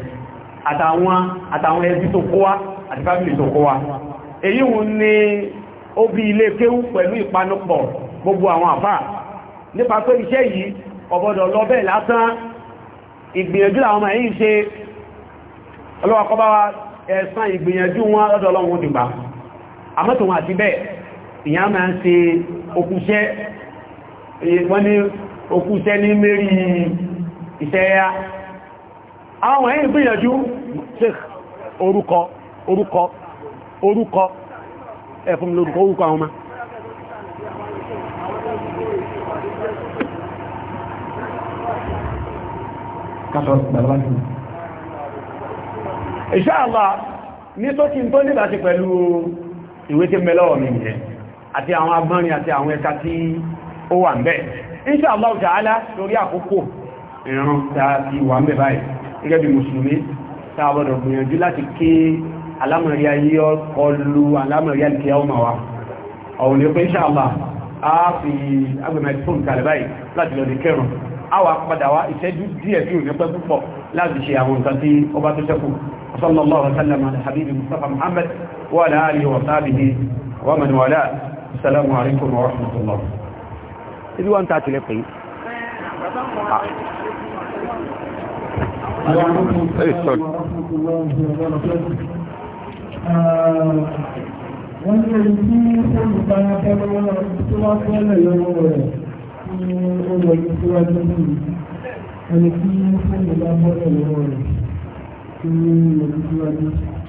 àtàwọn ẹbí tó kó wá àti fábílì tó kó wá èyí wọ́n ní ó bí ilé kéwú pẹ̀lú ìpanupọ̀ gbogbo àwọn àfáà nípa pé iṣẹ́ yìí ọ̀bọ̀dọ̀ lọ bẹ́ẹ̀ lásán ìgbìyànjú àwọn ọmọ èyí ṣe ọlọ́wọ́kọ́bá ẹ̀sán ìgbìyànjú wọn lọ́dọ̀ ọlọ́run dìgbà àmọ́tòun àti bẹ́ẹ̀ ìyá máa ń ṣe okúṣẹ́ Eh, wọ́n ní okúṣẹ́ ní mérí ìṣẹ́yà àwọn ẹ̀yìn gbìyànjú orúkọ orúkọ orúkọ ẹ̀fún lórúkọ orúkọ àwọn ọmọ Inshallah ní sókí tó nígbà ti pẹ̀lú ìwé tí mẹ́lọ́wọ̀ mi jẹ àti àwọn agbọ́nrin àti àwọn ẹ̀ka tí ó wà ń bẹ̀ insha Allah ta'ala lórí àkókò ìrun ta fi wà ń bẹ̀ báyìí gẹ́gẹ́ bí mùsùlùmí ta gbọ́dọ̀ gbìyànjú láti ké alámọ̀rí ayé ọkọlu alámọ̀rí alìkẹ́ ọmọ wa ọ̀hùn ní pé insha Allah a fi agbẹ̀mẹ̀ fún kalẹ̀ báyìí láti lọ di kẹrùn àwa padà wá ìṣẹ́jú díẹ̀ الله وسلم على حبيب مصطفى محمد وعلى آله وصحبه ومن والاه السلام عليكم ورحمة الله ibi wọ́n tàà tilẹ̀ pé wọ́n ní ẹni tí olùgbà akẹ́kọ̀ọ́ tó wá fẹ́lẹ̀ lọ́wọ́ rẹ̀ tí ó lọ sí síwájú ní ẹni tí olùgbà akẹ́kọ̀ọ́ lọ́wọ́ rẹ̀ tí ó lọ sí síwájú